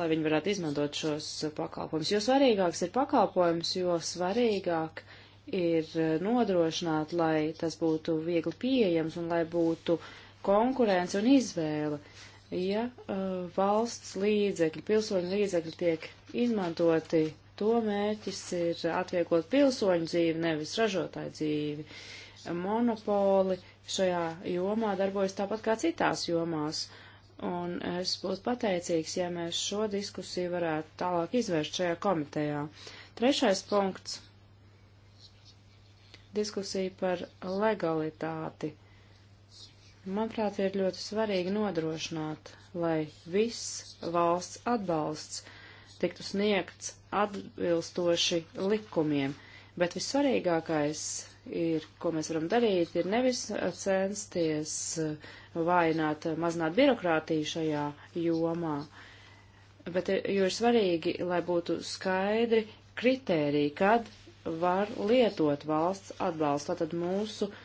lai viņi varētu izmantot šos pakalpojumus. Jo svarīgāks ir pakalpojums, jo svarīgāk ir nodrošināt, lai tas būtu viegli pieejams un lai būtu konkurence un izvēle. Uh, ja uh, valsts līdzekļi, pilsoņu līdzekļi tiek izmantoti, to mērķis ir atvieglot pilsoņu dzīvi, nevis ražotāju dzīvi. Monopoli šajā jomā darbojas tāpat kā citās jomās, un es būtu pateicīgs, ja mēs šo diskusiju varētu tālāk izvērst šajā komitejā. Trešais punkts - diskusija par legalitāti Manuprāt, ir ļoti svarīgi nodrošināt, lai viss valsts atbalsts tiktu sniegts atbilstoši likumiem, bet vissvarīgākais ir, ko mēs varam darīt, ir nevis censties vainot, mazināt birokrātiju šajā jomā, bet jo ir svarīgi, lai būtu skaidri kritēriji, kad var lietot valsts atbalstu. Tātad mūsu uh,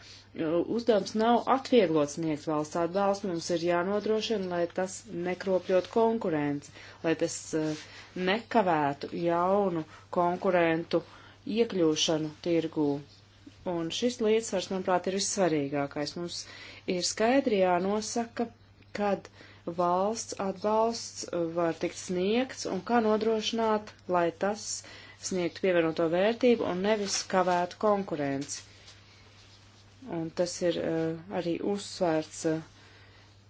uzdevums nav atvieglot sniegt valsts atbalstu, mums ir jānodrošina, lai tas nekropļot konkurenci, lai tas eh, nekavētu jaunu konkurentu iekļūšanu tirgū. Un šis līdzsvars, manuprāt, ir vissvarīgākais. Mums ir skaidri jānosaka, kad valsts atbalsts var tikt sniegts un kā nodrošināt, lai tas sniegtu pievienoto vērtību un nevis kavētu konkurenci un tas ir uh, arī uzsvērts uh,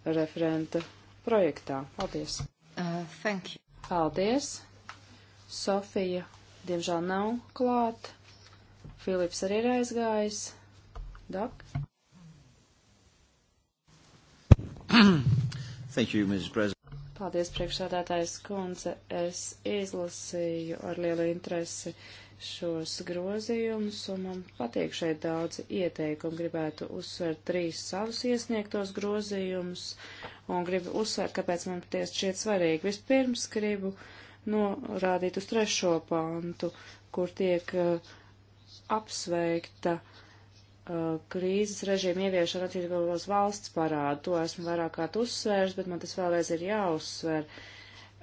referenta projektā. Paldies! Uh, thank you! Paldies! Sofija, diemžēl, nav klāt. Filips arī ir aizgājis. Dak? [clears throat] Thank you, Mrs. President. Paldies, priekšsādātājs kundze. Es izlasīju ar lielu interesi šos grozījumus, un man patīk šeit daudz ieteikumu. Gribētu uzsvērt trīs savus iesniegtos grozījumus, un gribu uzsvērt, kāpēc man patiesi šķiet svarīgi. Vispirms gribu norādīt uz trešo pantu, kur tiek uh, apsveikta uh, krīzes režīma ieviešana attiecībā uz valsts parādu. To esmu vairāk kārt uzsvērs, bet man tas vēlreiz ir jāuzsver.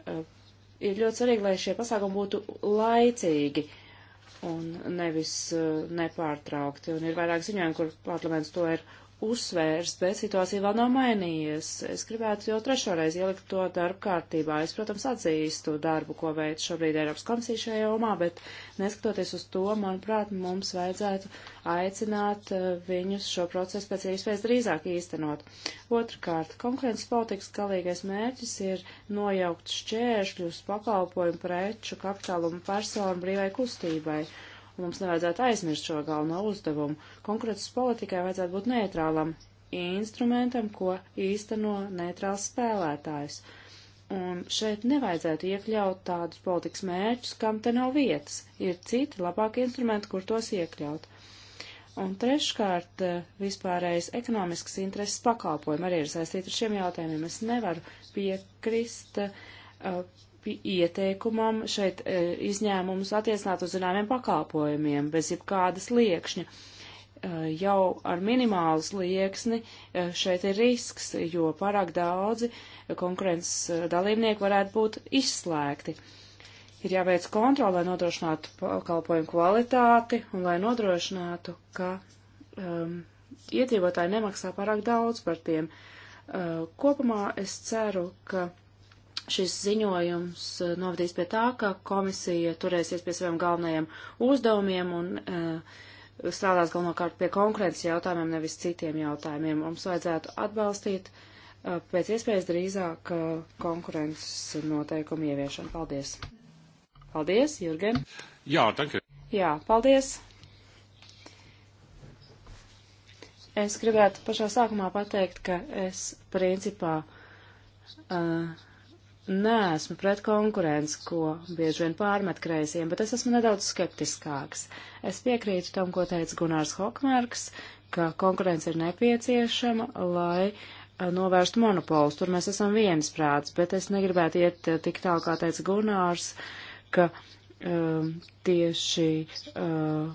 Uh, ir ļoti svarīgi, lai šie pasākumi būtu laicīgi. Uh, un nevis eh, nepārtraukti. Un ir vairāk ziņojumi, kur parlaments to ir uzsvērs, bet situācija vēl nav mainījies. Es gribētu jau trešoreiz ielikt to darbu kārtībā. Es, protams, atzīstu darbu, ko veic šobrīd Eiropas komisija šajā jomā, bet neskatoties uz to, manuprāt, mums vajadzētu aicināt eh, viņus šo procesu pēc iespējas drīzāk īstenot. Otrkārt, konkurences politikas galīgais mērķis ir nojaukt šķēršļus pakalpojumu preču, kapitālu un personu brīvai kustībai. Mums nevajadzētu aizmirst šo galveno uzdevumu. Konkurences politikai vajadzētu būt neitrālam instrumentam, ko īsteno neitrāls spēlētājs. Un šeit nevajadzētu iekļaut tādus politikas mērķus, kam te nav vietas. Ir citi labāki instrumenti, kur tos iekļaut. Un treškārt, eh, vispārējais ekonomiskas intereses pakalpojumi arī ir saistīti ar šiem jautājumiem. Es nevaru piekrist uh, ieteikumam šeit e, izņēmumus attiecināt uz zināmiem pakalpojumiem bez jebkādas liekšņa. E, jau ar minimālu slieksni e, šeit ir risks, jo pārāk daudzi konkurences dalībnieki varētu būt izslēgti. Ir jāveic kontroli, lai nodrošinātu pakalpojumu kvalitāti un lai nodrošinātu, ka um, iedzīvotāji nemaksā pārāk daudz par tiem. Uh, kopumā es ceru, ka uh, šis ziņojums eh, novadīs pie tā, ka komisija turēsies pie saviem galvenajiem uzdevumiem un uh, strādās galvenokārt pie konkurences jautājumiem, nevis citiem jautājumiem. Mums vajadzētu atbalstīt uh, pēc iespējas drīzāk uh, konkurences noteikumu ieviešanu. Paldies! Paldies, Jurgen! Jā, danke! Jā, paldies! Es gribētu pašā sākumā pateikt, ka es principā uh, neesmu pret konkurenci, ko bieži vien pārmet kreisiem, bet es esmu nedaudz skeptiskāks. Es piekrītu tam, ko teica Gunārs Hokmērks, ka konkurence ir nepieciešama, lai novērstu monopolus. Tur mēs esam viensprāts, bet es negribētu iet tik tālu, kā teica Gunārs, ka um, tieši. Uh,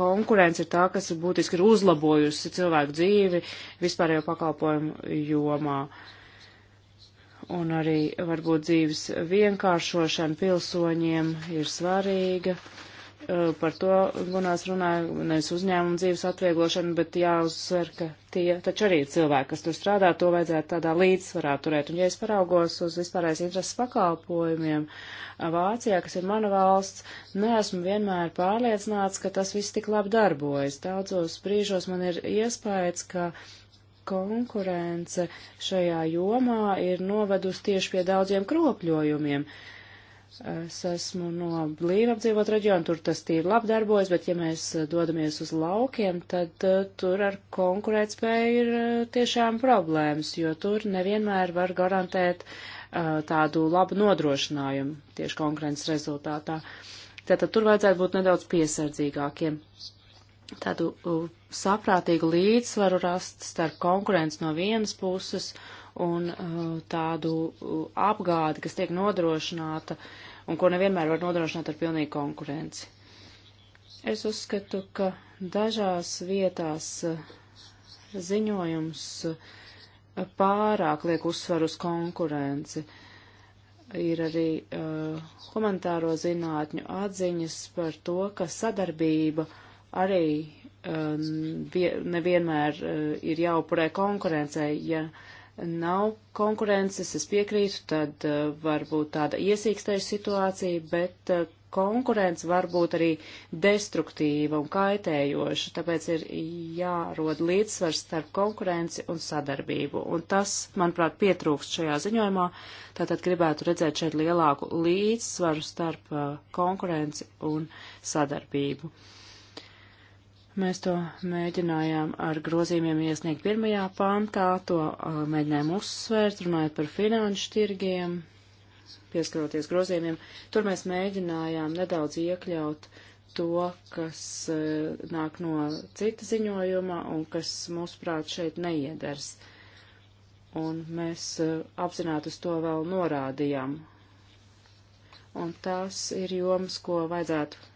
konkurence ir tā, kas būtiski ir uzlabojusi cilvēku dzīvi vispārējo pakalpojumu jomā. Uh, un arī varbūt dzīves vienkāršošana pilsoņiem ir svarīga. Uh, par to Gunārs runāja, nevis uzņēmumu dzīves atvieglošanu, bet jāuzsver, ka tie taču arī ir cilvēki, kas tur strādā, to vajadzētu tādā līdzsvarā turēt. Un ja es paraugos uz vispārējais intereses pakalpojumiem uh, Vācijā, kas ir mana valsts, neesmu vienmēr pārliecināts, ka tas viss tik labi darbojas. Daudzos brīžos man ir iespējas, ka uh, konkurence šajā jomā ir novedusi tieši pie daudziem kropļojumiem. Es esmu no blīvi apdzīvot reģionu, tur tas tīri labi darbojas, bet ja mēs dodamies uz laukiem, tad eh, tur ar konkurētspēju ir eh, tiešām problēmas, jo tur nevienmēr var garantēt uh, tādu labu nodrošinājumu tieši konkurences rezultātā. Tātad tur vajadzētu būt nedaudz piesardzīgākiem tādu uh, saprātīgu līdzsvaru rast starp konkurenci no vienas puses un uh, tādu uh, apgādi, kas tiek nodrošināta un ko nevienmēr var nodrošināt ar pilnīgu konkurenci. Es uzskatu, ka dažās vietās ziņojums pārāk liek uzsvaru uz konkurenci. Ir arī uh, humanitāro zinātņu atziņas par to, ka sadarbība uh, arī um, nevienmēr uh, ir jāupurē konkurencei. Ja nav konkurences, es piekrītu, tad uh, var būt tāda iesīkstēša situācija, bet uh, konkurence var būt arī destruktīva un kaitējoša, tāpēc ir jārod līdzsvars starp konkurenci un sadarbību. Un tas, manuprāt, pietrūkst šajā ziņojumā, tātad gribētu redzēt šeit lielāku līdzsvaru starp uh, konkurenci un sadarbību. Uh, Mēs to mēģinājām ar grozījumiem iesniegt pirmajā pantā, to uh, mēģinājām uzsvērt, runājot par finanšu tirgiem, pieskaroties grozījumiem. Tur mēs mēģinājām nedaudz iekļaut to, kas uh, nāk no cita ziņojuma un kas, mūsuprāt, šeit neiedars. Un mēs uh, apzināti uz to vēl norādījām. Un tās ir jomas, ko vajadzētu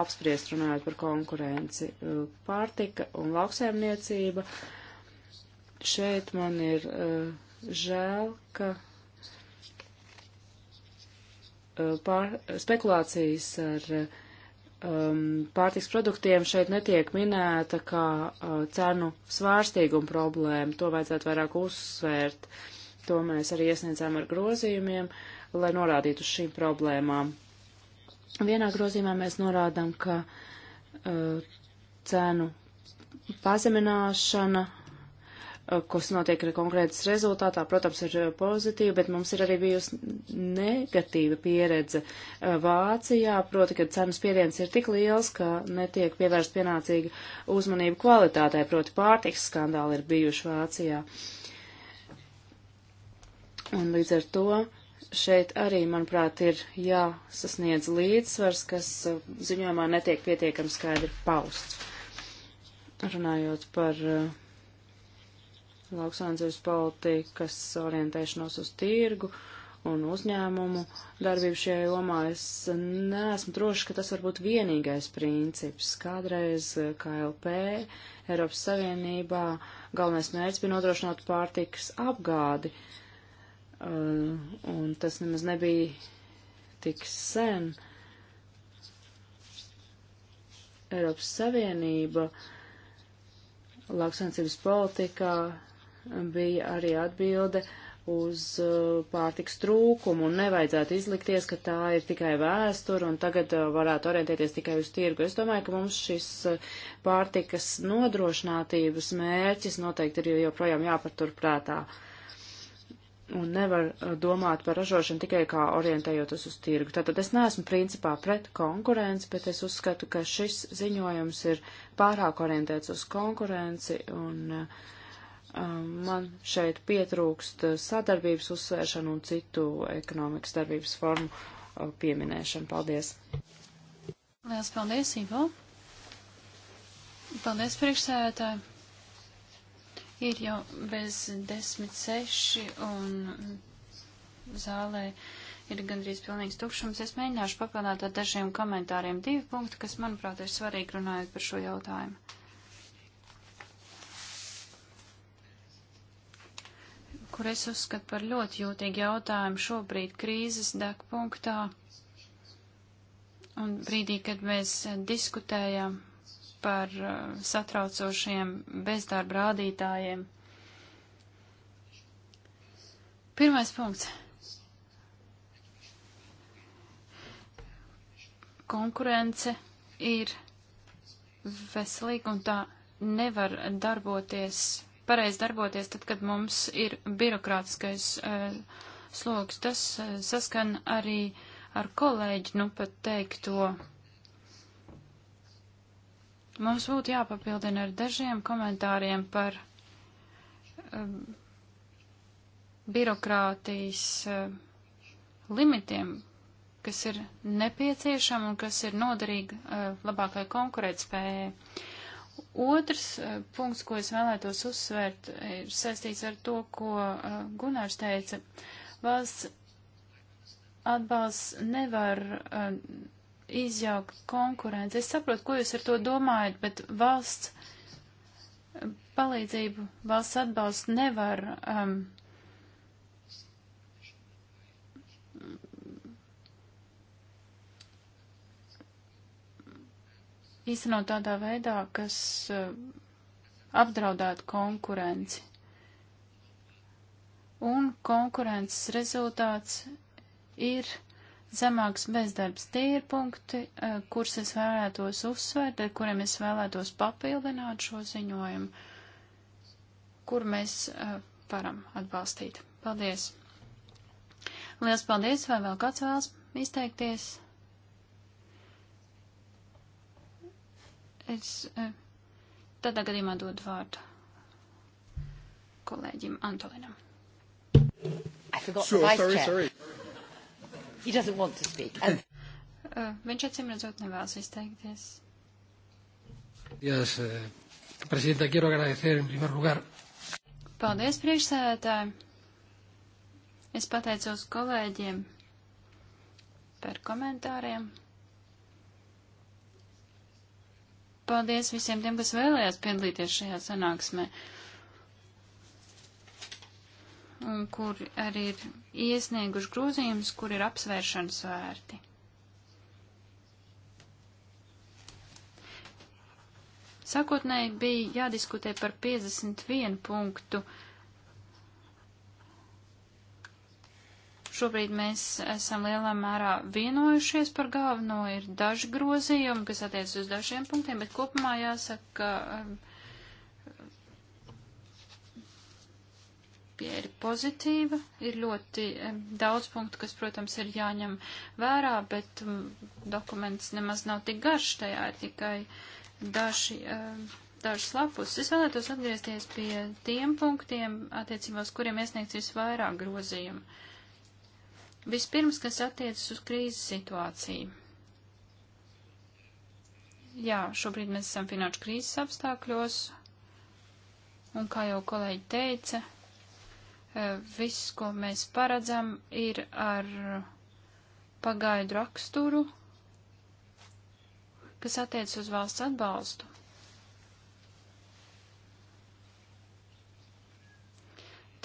apspriest, runājot par konkurenci. Eh, pārtika un lauksēmniecība. Šeit man ir eh, žēl, ka eh, pār, spekulācijas ar um, pārtiks produktiem šeit netiek minēta kā uh, cenu svārstīguma problēma. To vajadzētu vairāk uzsvērt. To mēs arī iesniedzām ar grozījumiem, lai norādītu uz šīm problēmām. Vienā grozījumā mēs norādām, ka uh, cenu pazemināšana, uh, kas notiek ar konkrētas rezultātā, protams, ir uh, pozitīva, bet mums ir arī bijusi negatīva pieredze uh, Vācijā, proti, ka cenas spiediens ir tik liels, ka netiek pievērst pienācīga uzmanība kvalitātei, proti pārtiks skandāli ir bijuši Vācijā. Un līdz ar to uh, šeit arī, manuprāt, ir jāsasniedz līdzsvars, kas uh, ziņojumā netiek pietiekami skaidri pausts. Runājot par uh, lauksāndzības politikas orientēšanos uz tirgu un uzņēmumu darbību šajā jomā, es neesmu droši, ka tas var būt vienīgais princips. Kādreiz uh, KLP Eiropas Savienībā galvenais mērķis bija nodrošināt pārtikas apgādi. Uh, Eh, un tas nemaz nebija tik sen. Eiropas Savienība lauksaimniecības politikā bija arī atbilde uz eh, pārtiks trūkumu un nevajadzētu izlikties, ka tā ir tikai vēstura un tagad eh, varētu orientēties tikai uz tirgu. Es domāju, ka mums šis pārtikas nodrošinātības mērķis noteikti ir joprojām jāpaturprātā. prātā un nevar uh, domāt par ražošanu tikai kā orientējoties uz tirgu. Tātad es neesmu principā pret konkurenci, bet es uzskatu, ka šis ziņojums ir pārāk orientēts uz konkurenci un uh, um, man šeit pietrūkst uh, sadarbības uzsvēršanu un citu ekonomikas darbības formu pieminēšanu. Paldies! Lielas paldies, Ivo! Paldies, priekšsēdētāji! Ir jau bez desmit seši un zālē ir gandrīz pilnīgs tukšums. Es mēģināšu papildināt ar dažiem komentāriem divi punkti, kas, manuprāt, ir svarīgi runājot par šo jautājumu. kur es uzskatu par ļoti jūtīgu jautājumu šobrīd krīzes degpunktā un brīdī, kad mēs diskutējam par uh, satraucošiem bezdarba rādītājiem. Pirmais punkts. Konkurence ir veselīga un tā nevar darboties, pareizi darboties tad, kad mums ir birokrātiskais uh, sloks. Tas uh, saskan arī ar kolēģi, nu pat teikto. to Mums būtu jāpapildina ar dažiem komentāriem par um, birokrātijas um, limitiem, kas ir nepieciešama un kas ir noderīga uh, labākai konkurētspējai. Otrs uh, punkts, ko es vēlētos uzsvērt, ir saistīts ar to, ko uh, Gunārs teica. Valsts atbalsts nevar uh, izjaukt konkurenci. Es saprotu, ko jūs ar to domājat, bet valsts palīdzību, valsts atbalsts nevar um, īstenot tādā veidā, kas uh, apdraudētu konkurenci. Un konkurences rezultāts ir zemāks bezdarbs. Tie ir punkti, eh, kurus es vēlētos uzsvērt, ar kuriem es vēlētos papildināt šo ziņojumu, kur mēs eh, varam atbalstīt. Paldies! Liels paldies! Vai vēl kāds vēlas izteikties? Es eh, tādā gadījumā dodu vārdu kolēģim Antolinam. I forgot so, the vice sorry, chair. Sorry. He doesn't want to speak. And... Uh, viņš acīm redzot nevēlas izteikties. Yes, uh, Presidenta, quiero agradecer en primer lugar. Paldies, priekšsēdētāji. Es pateicos kolēģiem par komentāriem. Paldies visiem tiem, kas vēlējās piedalīties šajā sanāksmē. Uh, un kur arī ir iesnieguši grozījumus, kur ir apsvēršanas vērti. Sākotnēji bija jādiskutē par 51 punktu. Šobrīd mēs esam lielā mērā vienojušies par galveno, ir daži grozījumi, kas attiec uz dažiem punktiem, bet kopumā jāsaka, ka um, pieeja ir pozitīva, ir ļoti daudz punktu, kas, protams, ir jāņem vērā, bet dokuments nemaz nav tik garš, tajā ir tikai daži, dažas lapus. Es vēlētos atgriezties pie tiem punktiem, attiecībā uz kuriem iesniegts visvairāk grozījumu. Vispirms, kas attiecas uz krīzes situāciju. Jā, šobrīd mēs esam finanšu krīzes apstākļos, un kā jau kolēģi teica, Viss, ko mēs paredzam, ir ar pagaidu raksturu, kas attiec uz valsts atbalstu.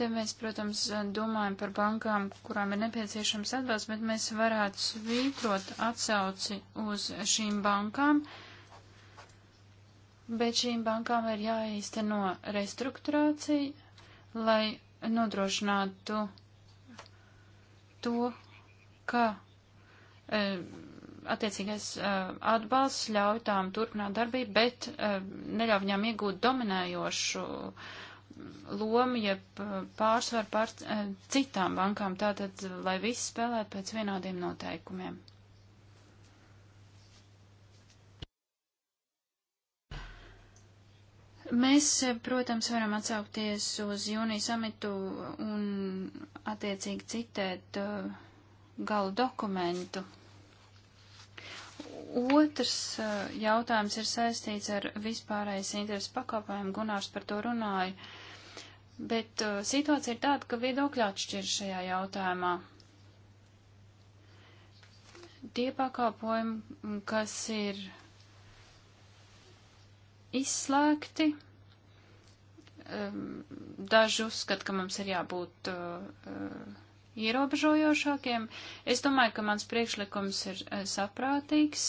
Te mēs, protams, domājam par bankām, kurām ir nepieciešams atbalsts, bet mēs varētu svītrot atsauci uz šīm bankām, bet šīm bankām ir jāīsteno restruktūrācija, lai nodrošinātu to, ka e, attiecīgais e, atbalsts ļauj tām turpināt darbību, bet e, neļauj viņām iegūt dominējošu lomu, jeb pārsvaru pār e, citām bankām, tātad, lai visi spēlētu pēc vienādiem noteikumiem. Mēs, eh, protams, varam atsaukties uz jūniju samitu un attiecīgi citēt uh, galu dokumentu. Otrs uh, jautājums ir saistīts ar vispārējais interesu pakāpojumu. Gunārs par to runāja. Bet uh, situācija ir tāda, ka viedokļi atšķir šajā jautājumā. Tie pakāpojumi, kas ir izslēgti. Daži uzskata, ka mums ir jābūt eh, ierobežojošākiem. Es domāju, ka mans priekšlikums ir eh, saprātīgs.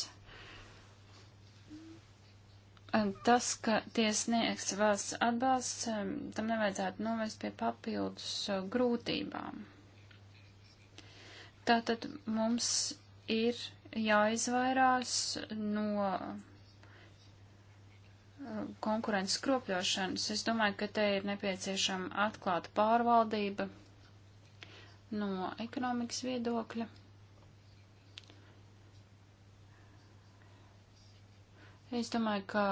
Tas, ka tiesnieks valsts atbalsts, tam nevajadzētu novest pie papildus eh, grūtībām. Tātad mums ir jāizvairās no konkurences kropļošanas. Es domāju, ka te ir nepieciešama atklāta pārvaldība no ekonomikas viedokļa. Es domāju, ka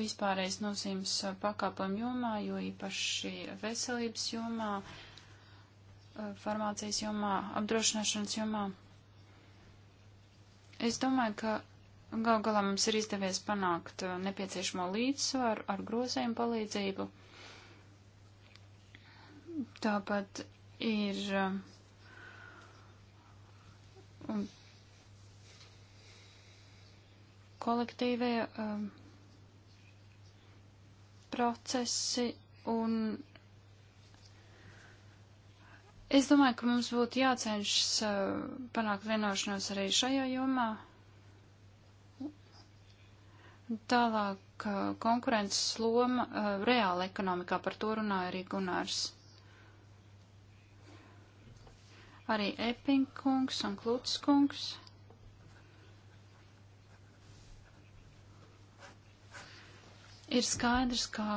vispārējais nozīmes pakāpojumu jomā, jo īpaši veselības jomā, farmācijas jomā, apdrošināšanas jomā. Es domāju, ka Gal galā mums ir izdevies panākt uh, nepieciešamo līdzsvaru ar grozējumu palīdzību. Tāpat ir uh, kolektīvie um, procesi un es domāju, ka mums būtu jācenšas uh, panākt vienošanos arī šajā jomā Tālāk konkurences loma reāla ekonomikā, par to runāja arī Gunārs. Arī Epinkungs un Klutskungs. Ir skaidrs, ka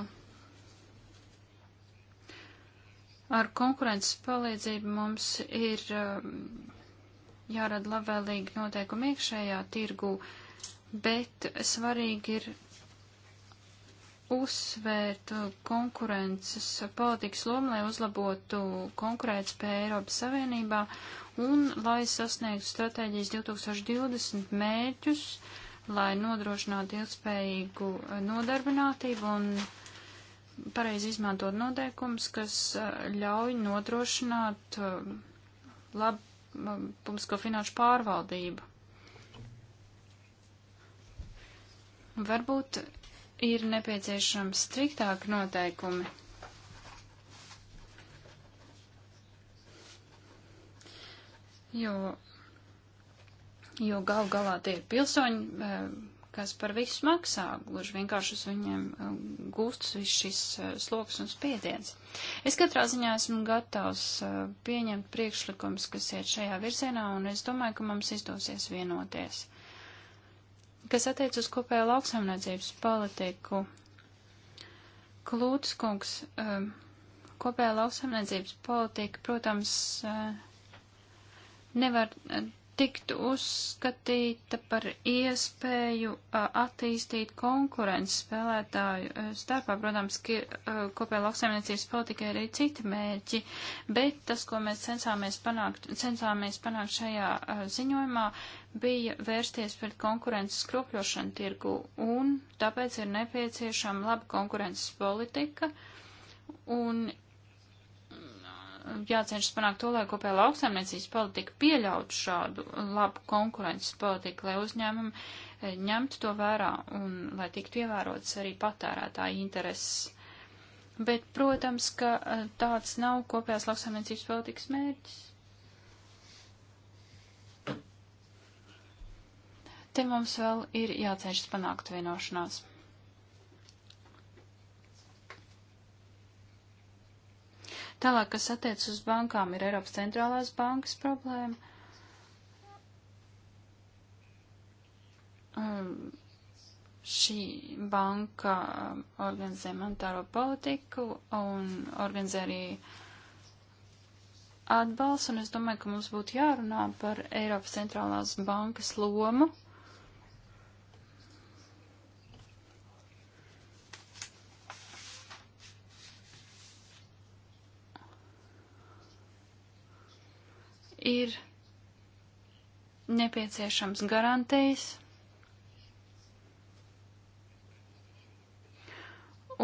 ar konkurences palīdzību mums ir jārada labvēlīgi noteikumi iekšējā tirgū. Uh, bet svarīgi ir uzsvērt konkurences politikas lomu, lai uzlabotu konkurētspēju Eiropas Savienībā un lai sasniegtu stratēģijas 2020 mērķus, lai nodrošinātu ilgspējīgu nodarbinātību un pareizi izmantot noteikums, kas uh, ļauj nodrošināt uh, labu um, publisko finanšu pārvaldību. Varbūt ir nepieciešams striktāki noteikumi. Jo, jo gal galā tie ir pilsoņi, eh, kas par visu maksā, gluži vienkārši uz viņiem eh, gūstas viss šis eh, sloks un spiediens. Es katrā ziņā esmu gatavs pieņemt priekšlikums, kas iet šajā virzienā, un es domāju, ka mums izdosies vienoties. Kas attiec uz kopējo lauksaimniecības politiku, Klūts kungs, um, kopējā lauksaimniecības politika, protams, uh, nevar uh, tiktu uzskatīta par iespēju a, attīstīt konkurences spēlētāju starpā. Protams, kopējā lauksaimniecības politika ir arī citi mērķi, bet tas, ko mēs censāmies panākt, censāmies panākt šajā a, ziņojumā, bija vērsties pret konkurences skropļošanu tirgu, un tāpēc ir nepieciešama laba konkurences politika. Un jācenšas panākt to, lai kopējā lauksaimniecības politika pieļautu šādu labu konkurences politiku, lai uzņēmumi eh, ņemtu to vērā un lai tiktu ievērotas arī patērētāji intereses. Bet, protams, ka eh, tāds nav kopējās lauksaimniecības politikas mērķis. Te mums vēl ir jācenšas panākt vienošanās. Tālāk, kas attiec uz bankām, ir Eiropas centrālās bankas problēma. Um, šī banka um, organizē monetāro politiku un organizē arī atbalstu, un es domāju, ka mums būtu jārunā par Eiropas centrālās bankas lomu ir nepieciešams garantijas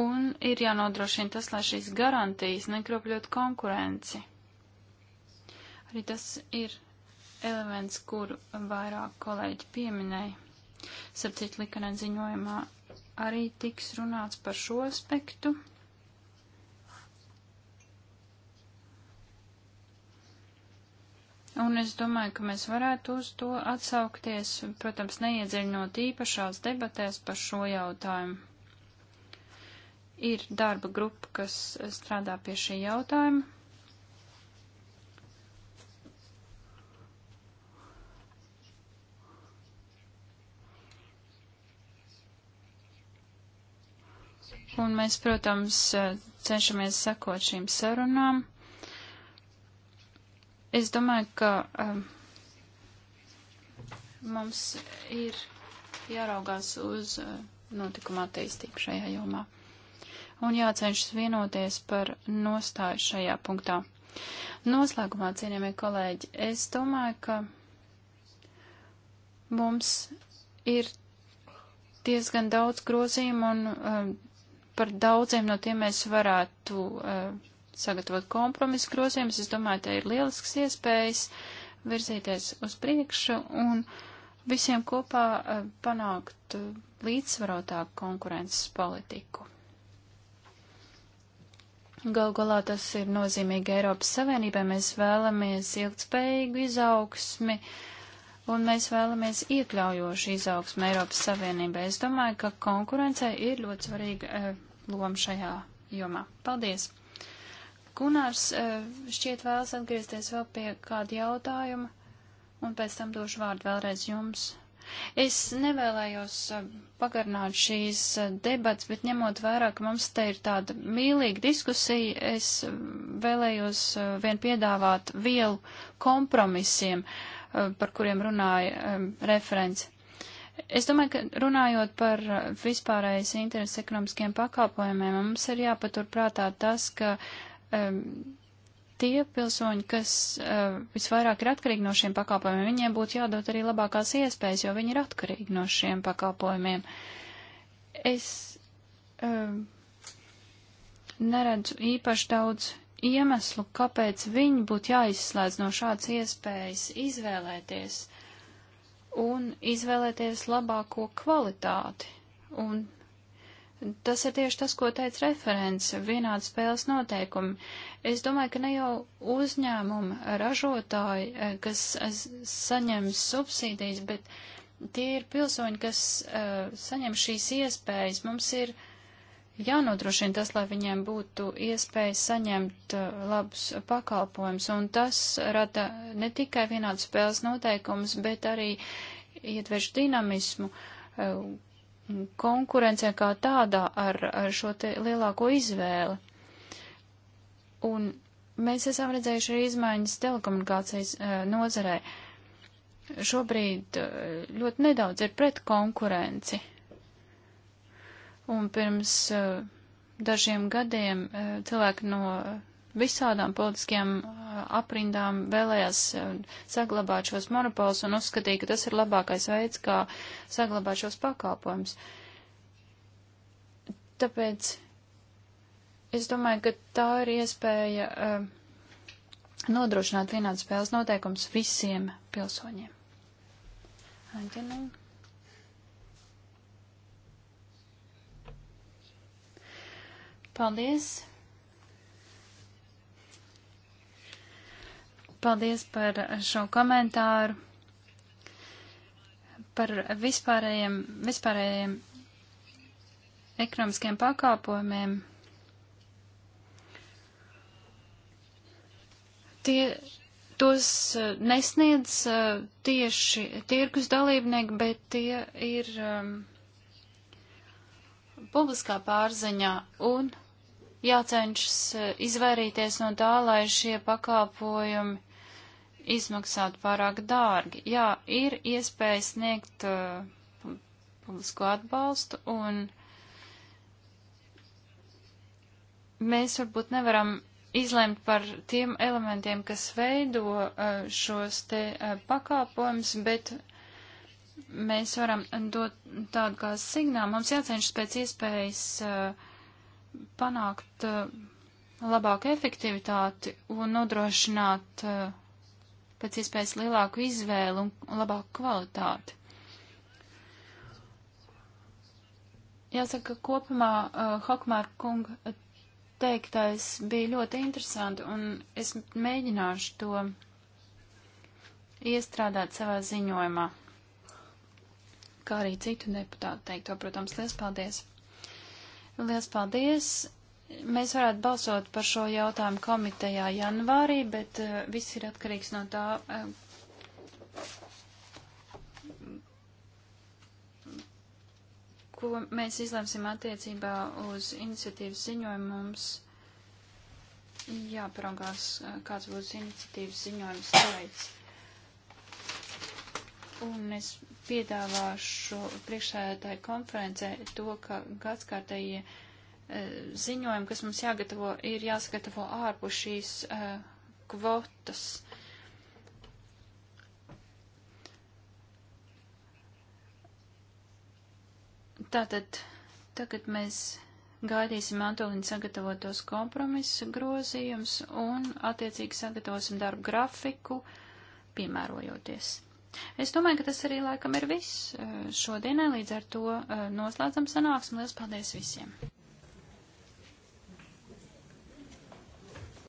un ir jānodrošina tas, lai šīs garantijas nekropļot konkurenci. Arī tas ir elements, kuru vairāk kolēģi pieminēja. Sapcīt likanē ziņojumā arī tiks runāts par šo aspektu. Un es domāju, ka mēs varētu uz to atsaukties, protams, neiedziļinot īpašās debatēs par šo jautājumu. Ir darba grupa, kas strādā pie šī jautājuma. Un mēs, protams, cenšamies sekot šīm sarunām. Es domāju, ka um, mums ir jāraugās uz uh, notikuma attīstību šajā jomā un jācenšas vienoties par nostāju šajā punktā. Noslēgumā, cienījamie kolēģi, es domāju, ka mums ir diezgan daudz grozījumu un um, par daudziem no tiem mēs varētu uh, sagatavot kompromisu grozījumus. Es domāju, te ir lielisks iespējas virzīties uz priekšu un visiem kopā eh, panākt eh, līdzsvarotāku konkurences politiku. Gal galā tas ir nozīmīgi Eiropas Savienībai. Mēs vēlamies ilgtspējīgu izaugsmi un mēs vēlamies iekļaujošu izaugsmi Eiropas Savienībai. Es domāju, ka konkurencei ir ļoti svarīga e, loma šajā jomā. Paldies! Gunārs eh, šķiet vēlas atgriezties vēl pie kāda jautājuma, un pēc tam došu vārdu vēlreiz jums. Es nevēlējos eh, pagarināt šīs eh, debats, bet ņemot vērā, ka mums te ir tāda mīlīga diskusija, es vēlējos vien piedāvāt vielu kompromisiem, par kuriem runāja referents. Es domāju, ka runājot par vispārējais interesi ekonomiskiem pakalpojumiem, mums ir jāpatur prātā tas, ka uh, um, tie pilsoņi, kas uh, visvairāk ir atkarīgi no šiem pakalpojumiem, viņiem būtu jādod arī labākās iespējas, jo viņi ir atkarīgi no šiem pakalpojumiem. Es um, neredzu īpaši daudz iemeslu, kāpēc viņi būtu jāizslēdz no šādas iespējas izvēlēties un izvēlēties labāko kvalitāti un Tas ir tieši tas, ko teica referents - vienāds spēles noteikumi. Es domāju, ka ne jau uzņēmumi, ražotāji, eh, kas saņems subsīdijas, bet tie ir pilsoņi, kas uh, saņem šīs iespējas. Mums ir jānodrošina tas, lai viņiem būtu iespējas saņemt uh, labus pakalpojumus, un tas rada ne tikai vienādu spēles noteikumus, bet arī ietverš dinamismu. Uh, konkurencē kā tādā ar, ar šo te lielāko izvēli. Un mēs esam redzējuši arī izmaiņas telekomunikācijas uh, nozarē. Šobrīd uh, ļoti nedaudz ir pret konkurenci. Un pirms uh, dažiem gadiem cilvēki no visādām politiskajām aprindām vēlējās saglabāt šos monopols un uzskatīja, ka tas ir labākais veids, kā saglabāt šos pakalpojumus. Tāpēc es domāju, ka tā ir iespēja uh, nodrošināt vienādas spēles noteikums visiem pilsoņiem. Aģinu. Paldies! Paldies par šo komentāru, par vispārējiem, vispārējiem ekonomiskiem pakāpojumiem. Tie, tos eh, nesniedz eh, tieši tirkus dalībnieki, bet tie ir um, publiskā pārziņā un jācenšas eh, izvairīties no tā, lai šie pakāpojumi izmaksātu pārāk dārgi. Jā, ir iespēja sniegt uh, publisko atbalstu, un mēs varbūt nevaram izlemt par tiem elementiem, kas veido uh, šos te uh, pakāpojumus, bet mēs varam dot tādu kā signālu. Mums jācenšas pēc iespējas uh, panākt uh, labāku efektivitāti un nodrošināt uh, pēc iespējas lielāku izvēlu un labāku kvalitāti. Jāsaka, kopumā uh, eh, Hokmāra kunga teiktais bija ļoti interesanti, un es mēģināšu to iestrādāt savā ziņojumā, kā arī citu deputātu teikto, protams, liels paldies! Liels paldies! Mēs varētu balsot par šo jautājumu komitejā janvārī, bet uh, viss ir atkarīgs no tā, uh, ko mēs izlemsim attiecībā uz iniciatīvas ziņojumu. Mums jāparaugās, eh, kāds būs iniciatīvas ziņojums skaits. Un es piedāvāšu priekšsēdētāju konferencē to, ka gadskārtējie. Ja E, ziņojumi, kas mums jāgatavo, ir jāsagatavo ārpus šīs e, kvotas. Tātad tagad mēs gaidīsim Antolīnu sagatavotos kompromisu grozījumus un attiecīgi sagatavosim darbu grafiku, piemērojoties. Es domāju, ka tas arī laikam ir viss e, šodienai, līdz ar to noslēdzam sanāksmi. Lielas paldies visiem!